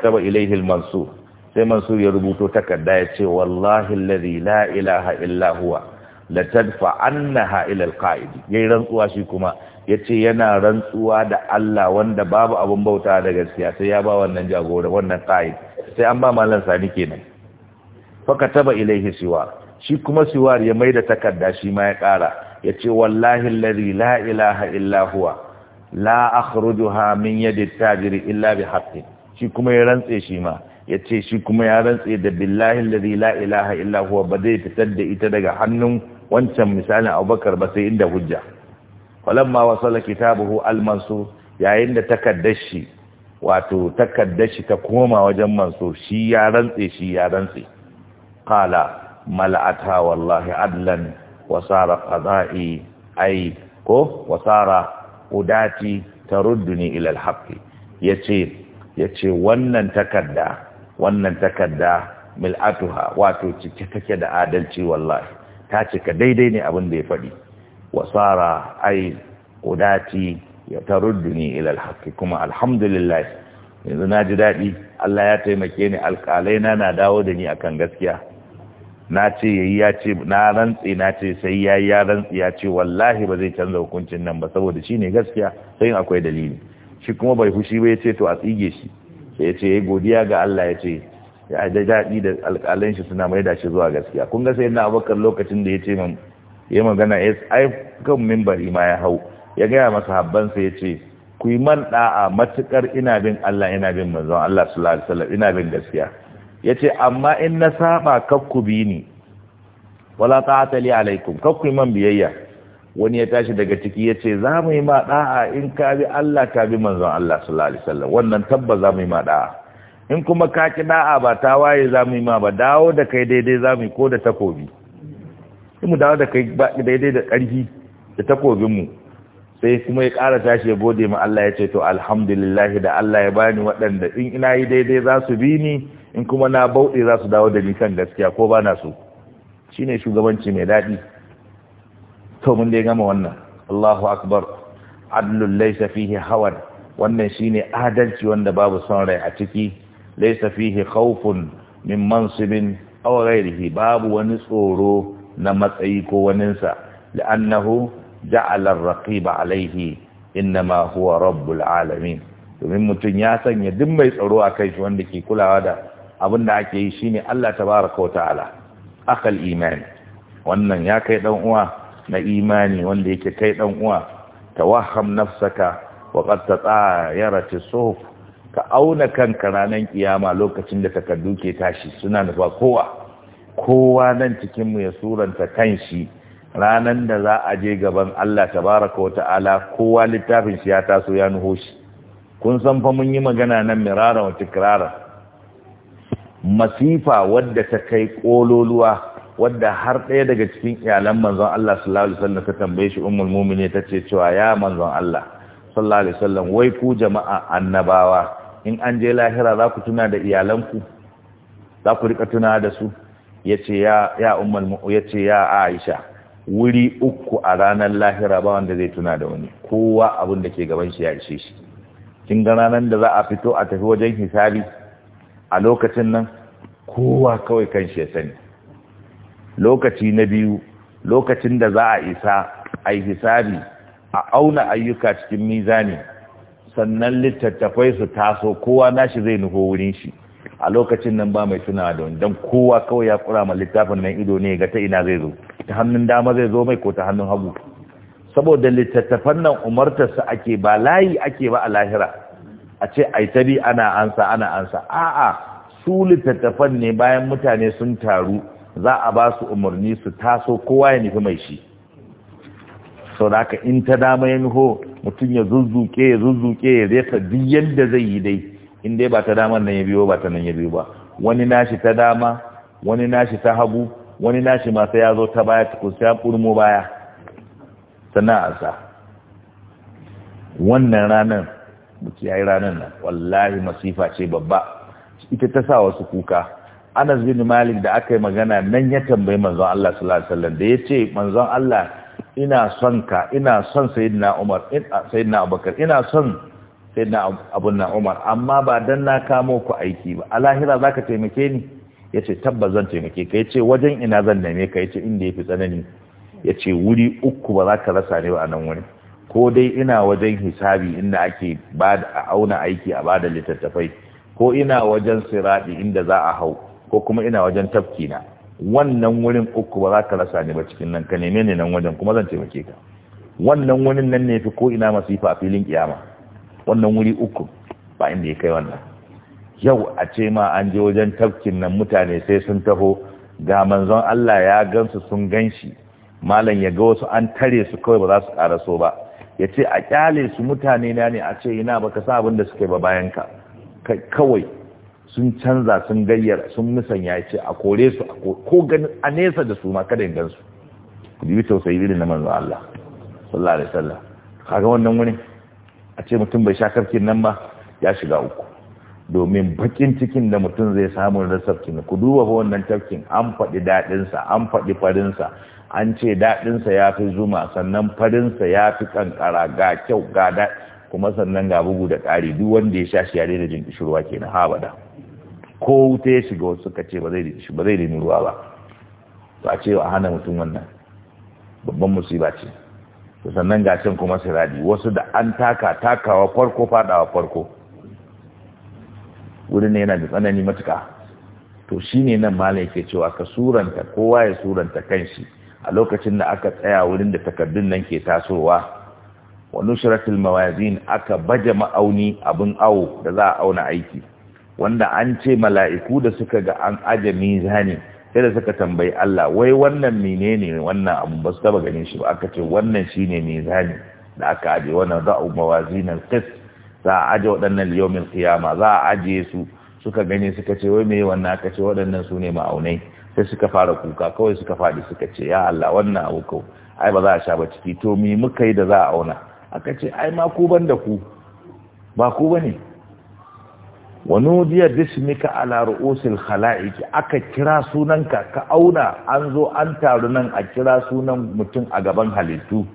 taba ilaihi al-mansur sai mansur ya rubuto takarda ya ce wallahi alladhi la ilaha illa huwa la tadfa annaha ila alqaidi yayi rantsuwa shi kuma yace yana rantsuwa da Allah wanda babu abun bauta da gaskiya sai ya ba wannan jagora wannan qaid sai an ba mallan sani kenan fa kataba ilaihi siwa shi kuma siwar ya maida takarda shi ma ya kara yace wallahi alladhi la ilaha illa huwa la akhrujuha min yadi tajiri illa bi shi kuma ya rantse shi ma ya ce shi kuma ya rantse da billahi alladhi la ilaha illa huwa ba zai fitar da ita daga hannun wancan misalin abubakar ba sai inda hujja falamma wasala kitabuhu al-mansur yayin da shi, wato shi ta koma wajen mansur shi ya rantse shi ya rantse qala mala'ata wallahi adlan wa sara qada'i ko wa sara udati tarudduni ila al-haqqi yace yace wannan takarda wannan takarda mil'atuha wato cike take da adalci wallahi ta cika daidai ne abin da ya faɗi wasara ai kudati ya tarudduni ila alhaqi kuma alhamdulillah yanzu na ji daɗi Allah ya taimake ni alƙalai na na dawo da ni akan gaskiya na ce yayi ya ce na rantsi na ce sai yayi ya rantsi ya ce wallahi ba zai canza hukuncin nan ba saboda shi ne gaskiya sai akwai dalili shi kuma bai fushi ba ya ce to a tsige shi sai ya ce yayi eh, godiya ga Allah ya ce ya da daɗi da alƙalin shi suna maida shi zuwa gaskiya kun ga sai na baka lokacin da ya ce min ya magana ya ai kan mimbari ma ya hau ya gaya masa habbansa ya ce ku yi man da'a matukar ina bin Allah ina bin manzon Allah sallallahu alaihi wasallam ina bin gaskiya Ya ce, amma in na saba kakku bi ni wala ta'ata li alaikum kakku man biyayya wani ya tashi daga ciki ya ce, za mu yi ma da'a in ka bi Allah ka bi manzon Allah sallallahu alaihi wasallam wannan tabba za mu yi ma da'a in kuma ka ki da'a ba ta waye za mu yi ma ba dawo da kai daidai za mu yi ko da takobi in mu dawo da kai daidai da ƙarfi da takobinmu sai kuma ya ƙara tashi ya gode ma Allah ya ce to alhamdulillahi da Allah ya bani waɗanda in ina yi daidai za su bi ni in kuma na bauɗe za su dawo da ni kan gaskiya ko ba na so shine shugabanci mai daɗi to mun dai gama wannan Allahu akbar adlul laysa fihi hawan wannan shine adalci wanda babu son rai a ciki laysa fihi khawfun min mansibin aw ghayrihi babu wani tsoro na matsayi ko waninsa li'annahu ja'ala ar-raqiba alayhi inma huwa rabbul alamin domin mutum ya sanya duk mai tsaro a kai shi wanda ke kulawa da abin da ake yi shine Allah tabaraka wa ta'ala akal imani wannan ya kai dan uwa na imani wanda yake kai dan uwa tawaham nafsaka wa qad tatayarat suhuf ka auna kanka ranar kiyama lokacin da takardu ke tashi suna nufa kowa kowa nan cikinmu ya suranta kanshi ranar da za a je gaban Allah tabaraka wata'ala kowa littafin shi ya taso ya nuho shi kun san fa mun yi magana nan mirara wa tikrara masifa wadda ta kai kololuwa wadda har ɗaya daga cikin iyalan manzon Allah sallallahu alaihi wasallam ta tambaye shi ummul mu'minin ce cewa ya manzon Allah sallallahu alaihi wasallam wai ku jama'a annabawa in an je lahira za ku tuna da iyalanku za ku rika tuna da su ya ce ya umar ya ce ya aisha wuri uku a ranar lahira ba wanda zai tuna da wani kowa abin da ke gaban shi ya ishe shi kin ga ranar da za a fito a tafi wajen hisabi a lokacin nan kowa kawai kan shi ya sani lokaci na biyu lokacin da za a isa a yi hisabi a auna ayyuka cikin mizani sannan littattafai su taso kowa nashi zai nufo wurin shi a lokacin nan ba mai tunawa da don kowa kawai ya kura ma littafin nan ido ne ga ta ina zai zo ta hannun dama zai zo mai ko ta hannun hagu saboda littattafan nan umartarsa ake ba layi ake ba a lahira a ce ai ta bi ana ansa ana ansa a'a su littattafan ne bayan mutane sun taru za a ba su umarni su taso kowa ya nufi mai shi sau da in ta dama ya nuho mutum ya zuzzuke ya zuzzuke ya resa duk yadda zai yi dai in dai ba ta damar nan ya biyo ba ta nan ya biyo ba wani nashi ta dama wani nashi ta hagu wani nashi masu ya zo ta baya tukun sai ya kurmo baya a sa. wannan ranar mutu ya yi ranar nan wallahi masifa ce babba ita ta sa wasu kuka Anas bin Malik da aka yi magana nan ya tambayi manzon Allah sallallahu alaihi wasallam da ce manzon Allah ina son ka ina son sayyidina Umar sayyidina Abubakar ina son sayyidina abunna Umar amma ba dan na kamo ku aiki ba a lahira zaka taimake ni yace tabbas zan taimake ka yace wajen ina zan neme ka yace inda fi tsanani yace wuri uku ba za ka rasa ne ba anan nan ko dai ina wajen hisabi inda ake a auna aiki a bada littattafai ko ina wajen siradi inda za a hau ko kuma ina wajen tafki na. wannan wurin uku ba za ka rasa ni ba cikin nan ka neme ne nan wajen kuma zan taimake ka wannan wurin nan ne fi ko ina masifa a filin kiyama wannan wuri uku ba inda ya kai wannan yau a ce ma an je wajen tafkin nan mutane sai sun taho ga manzon Allah ya gansu sun gan shi malam ya ga wasu an tare su kawai ba za su ƙara so ba ya ce a kyale su mutane na ne a ce ina baka sa abin da suke ba bayan ka kawai sun canza sun gayyara sun musanya ce a kore su ko ganin a nesa da su ma kada in gansu ku bi tausayi irin na manzo Allah sallallahu alaihi wasallam kaga wannan wani a ce mutum bai sha kin nan ba ya shiga uku domin bakin cikin da mutum zai samu na tafkin ku duba wannan tafkin an faɗi daɗinsa an faɗi farinsa an ce daɗinsa ya fi zuma sannan farinsa ya fi kankara ga kyau ga da kuma sannan ga bugu da ƙari duk wanda ya sha shi ya daina jin kishirwa kenan ha bada ko wuta ya shiga wasu suka ce ba zai rini ruwa ba to a ce a hana mutum wannan babban musiba ce to sannan ga can kuma siradi wasu da an taka takawa farko fadawa farko wurin yana da tsanani matuka to shine nan malam ke cewa ka suranta kowa ya suranta kan shi a lokacin da aka tsaya wurin da takardun nan ke tasowa wa nushratul mawazin aka baje ma'auni abin awo da za a auna aiki wanda an ce mala'iku da suka ga an aje mizani sai da suka tambayi Allah wai wannan menene wannan abu ba su taba ganin shi ba aka ce wannan shi ne mizani da aka aje wannan umarwa zinar qis za a aje waɗannan liyomin kiyama za a aje su suka gani suka ce wai mai wannan aka ce waɗannan su ne ma'aunai sai suka fara kuka kawai suka faɗi suka ce ya Allah wannan abu kau, ai ba za a sha ba ciki to mi muka yi da za a auna aka ce ai ma ku ban da ku ba ku bane wanudiya bismika ala ru'usil khala'iq aka kira sunanka ka auna an zo an taru nan a kira sunan mutum a gaban halittu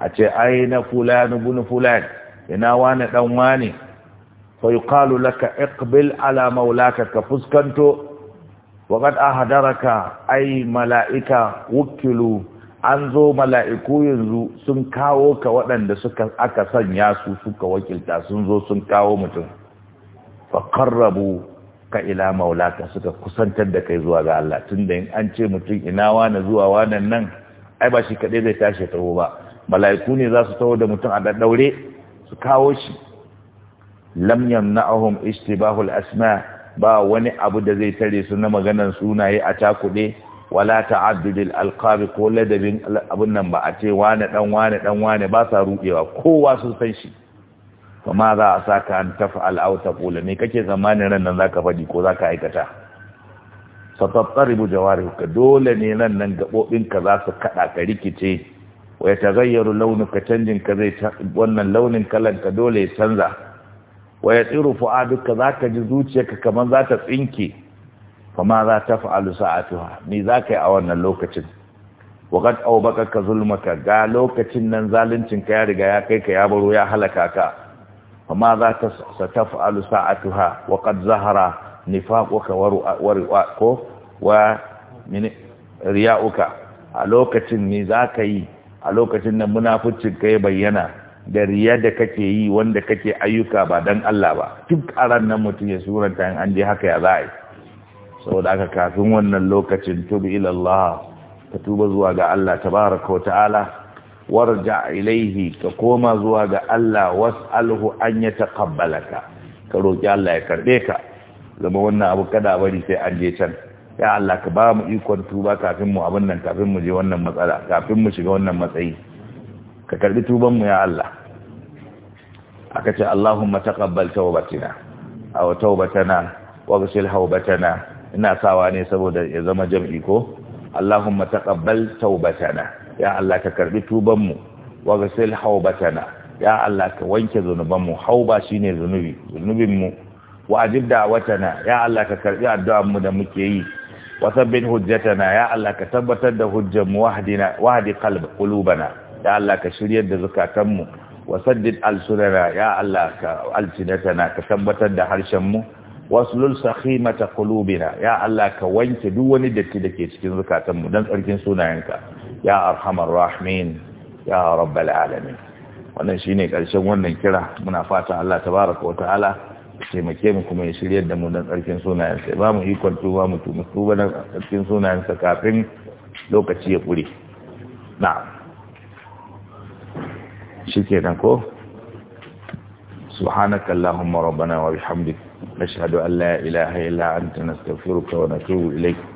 a ce ai na fulan ibn fulan ina wani dan wani fa yuqalu laka iqbil ala maulaka ka fuskanto wa qad ahdaraka ai mala'ika wukilu an zo mala'iku yanzu sun kawo ka waɗanda suka aka sanya su suka wakilta sun zo sun kawo mutum fa ka ila maulaka suka kusantar da kai zuwa ga Allah tunda in an ce mutum ina wane zuwa wane nan ai ba shi kaɗai zai tashi taho ba mala'iku ne za su taho da mutum a ɗaɗɗaure su kawo shi lam yamna'ahum istibahul asma' ba wani abu da zai tare su na maganar sunaye a cakuɗe wala al alqabi ko ladabin abun nan ba a ce wane dan wane dan wane ba sa rubewa kowa sun san shi fa ma za a saka an taf'al aw taqula me kake zamanin ran nan zaka faɗi ko zaka aikata satattaribu jawarihuka dole ne nan nan ka za su kada ka rikice wa yataghayyaru launuka canjin ka zai wannan launin kalan ka dole ya canza wa yatiru fu'aduka zaka ji zuciyarka kamar za ta tsinke fa za ta fa'alu sa'atuha me zaka yi a wannan lokacin ka awbaka zulmaka ga lokacin nan zaluncin ka ya riga ya kai ka ya baro ya halaka ka amma za ta sataf'alu sa'atuha wa qad zahara nifaquka wa riwaqo wa riya uka a lokacin ne za ka yi a lokacin da munafucin ka ya bayyana da riya da kake yi wanda kake ayyuka ba dan Allah ba duk aran nan mutum ya suranta in an je haka ya za'a saboda aka kafin wannan lokacin tubi ilallah ta ka tuba zuwa ga Allah tabaraka wa ta'ala warja ilaihi ka koma zuwa ga Allah was'alhu an ya taqabbalaka ka roki Allah ya karbe ka zama wannan abu kada bari sai an je can ya Allah ka ba mu ikon tuba kafin mu abin nan kafin mu je wannan matsala kafin mu shiga wannan matsayi ka karbi tuban mu ya Allah aka ce Allahumma taqabbal tawbatina aw tawbatana ghsil haubatana ina sawa ne saboda ya zama jam'i ko Allahumma taqabbal tawbatana ya Allah ka karbi tubanmu wa gasil haubatana ya Allah ka wanke zunubanmu hauba shine zunubi zunubinmu wa ajib da'watana ya Allah ka karbi addu'armu da muke yi wa sabbin hujjatana ya Allah ka tabbatar da mu wahdina wahdi qalb qulubana ya Allah ka shiryar da zukatanmu wa saddid sunana ya Allah ka alsinatana ka tabbatar da harshenmu waslul sakhimata qulubina ya Allah ka wanke duk wani datti dake cikin zukatanmu dan tsarkin sunayenka ya arhamar rahimin ya rabbal alamin wannan shine karshen wannan kira muna fata Allah tabaraka wa ta'ala taimake mu kuma ya shirye da mu dan tsarkin sunayen sa ba mu ikon tuwa mu tuba tuba dan tsarkin sunayen sa kafin lokaci ya kure na'am shikenan ko سبحانك اللهم ربنا وبحمدك نشهد أن لا إله إلا أنت نستغفرك ونتوب إليك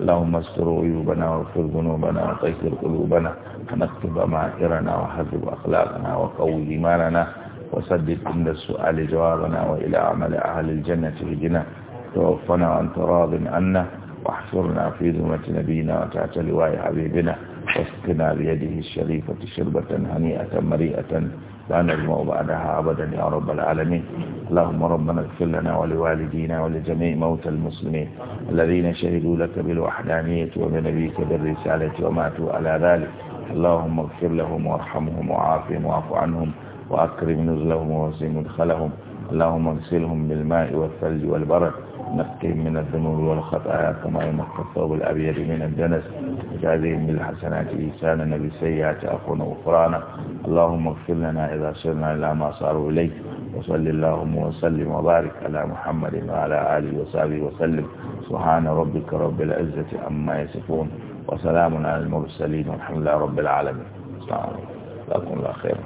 اللهم استر عيوبنا واغفر ذنوبنا وطهر قلوبنا ونكتب معاكرنا وحذر أخلاقنا وقوي إيماننا وسدد عند السؤال جوابنا وإلى عمل أهل الجنة هدنا توفنا وأنت راض عنا واحفرنا في ذمة نبينا وتحت لواء حبيبنا واسقنا بيده الشريفة شربة هنيئة مريئة لا نجمع بعدها أبدا يا رب العالمين اللهم ربنا اغفر لنا ولوالدينا ولجميع موتى المسلمين الذين شهدوا لك بالوحدانية وبنبيك بالرسالة وماتوا على ذلك اللهم اغفر لهم وارحمهم وعافهم واعف عنهم وأكرم نزلهم ووسع مدخلهم اللهم اغسلهم بالماء والثلج والبرد نقهم من الذنوب والخطايا كما ينقى الثوب الأبيض من الدنس من بالحسنات إيسانا بالسيئات أخونا غفرانا اللهم اغفر لنا إذا صرنا إلى ما صاروا إليه وصل اللهم وسلم وبارك على محمد وعلى آله وصحبه وسلم سبحان ربك رب العزة عما يصفون وسلام على المرسلين والحمد لله رب العالمين عليكم الله خير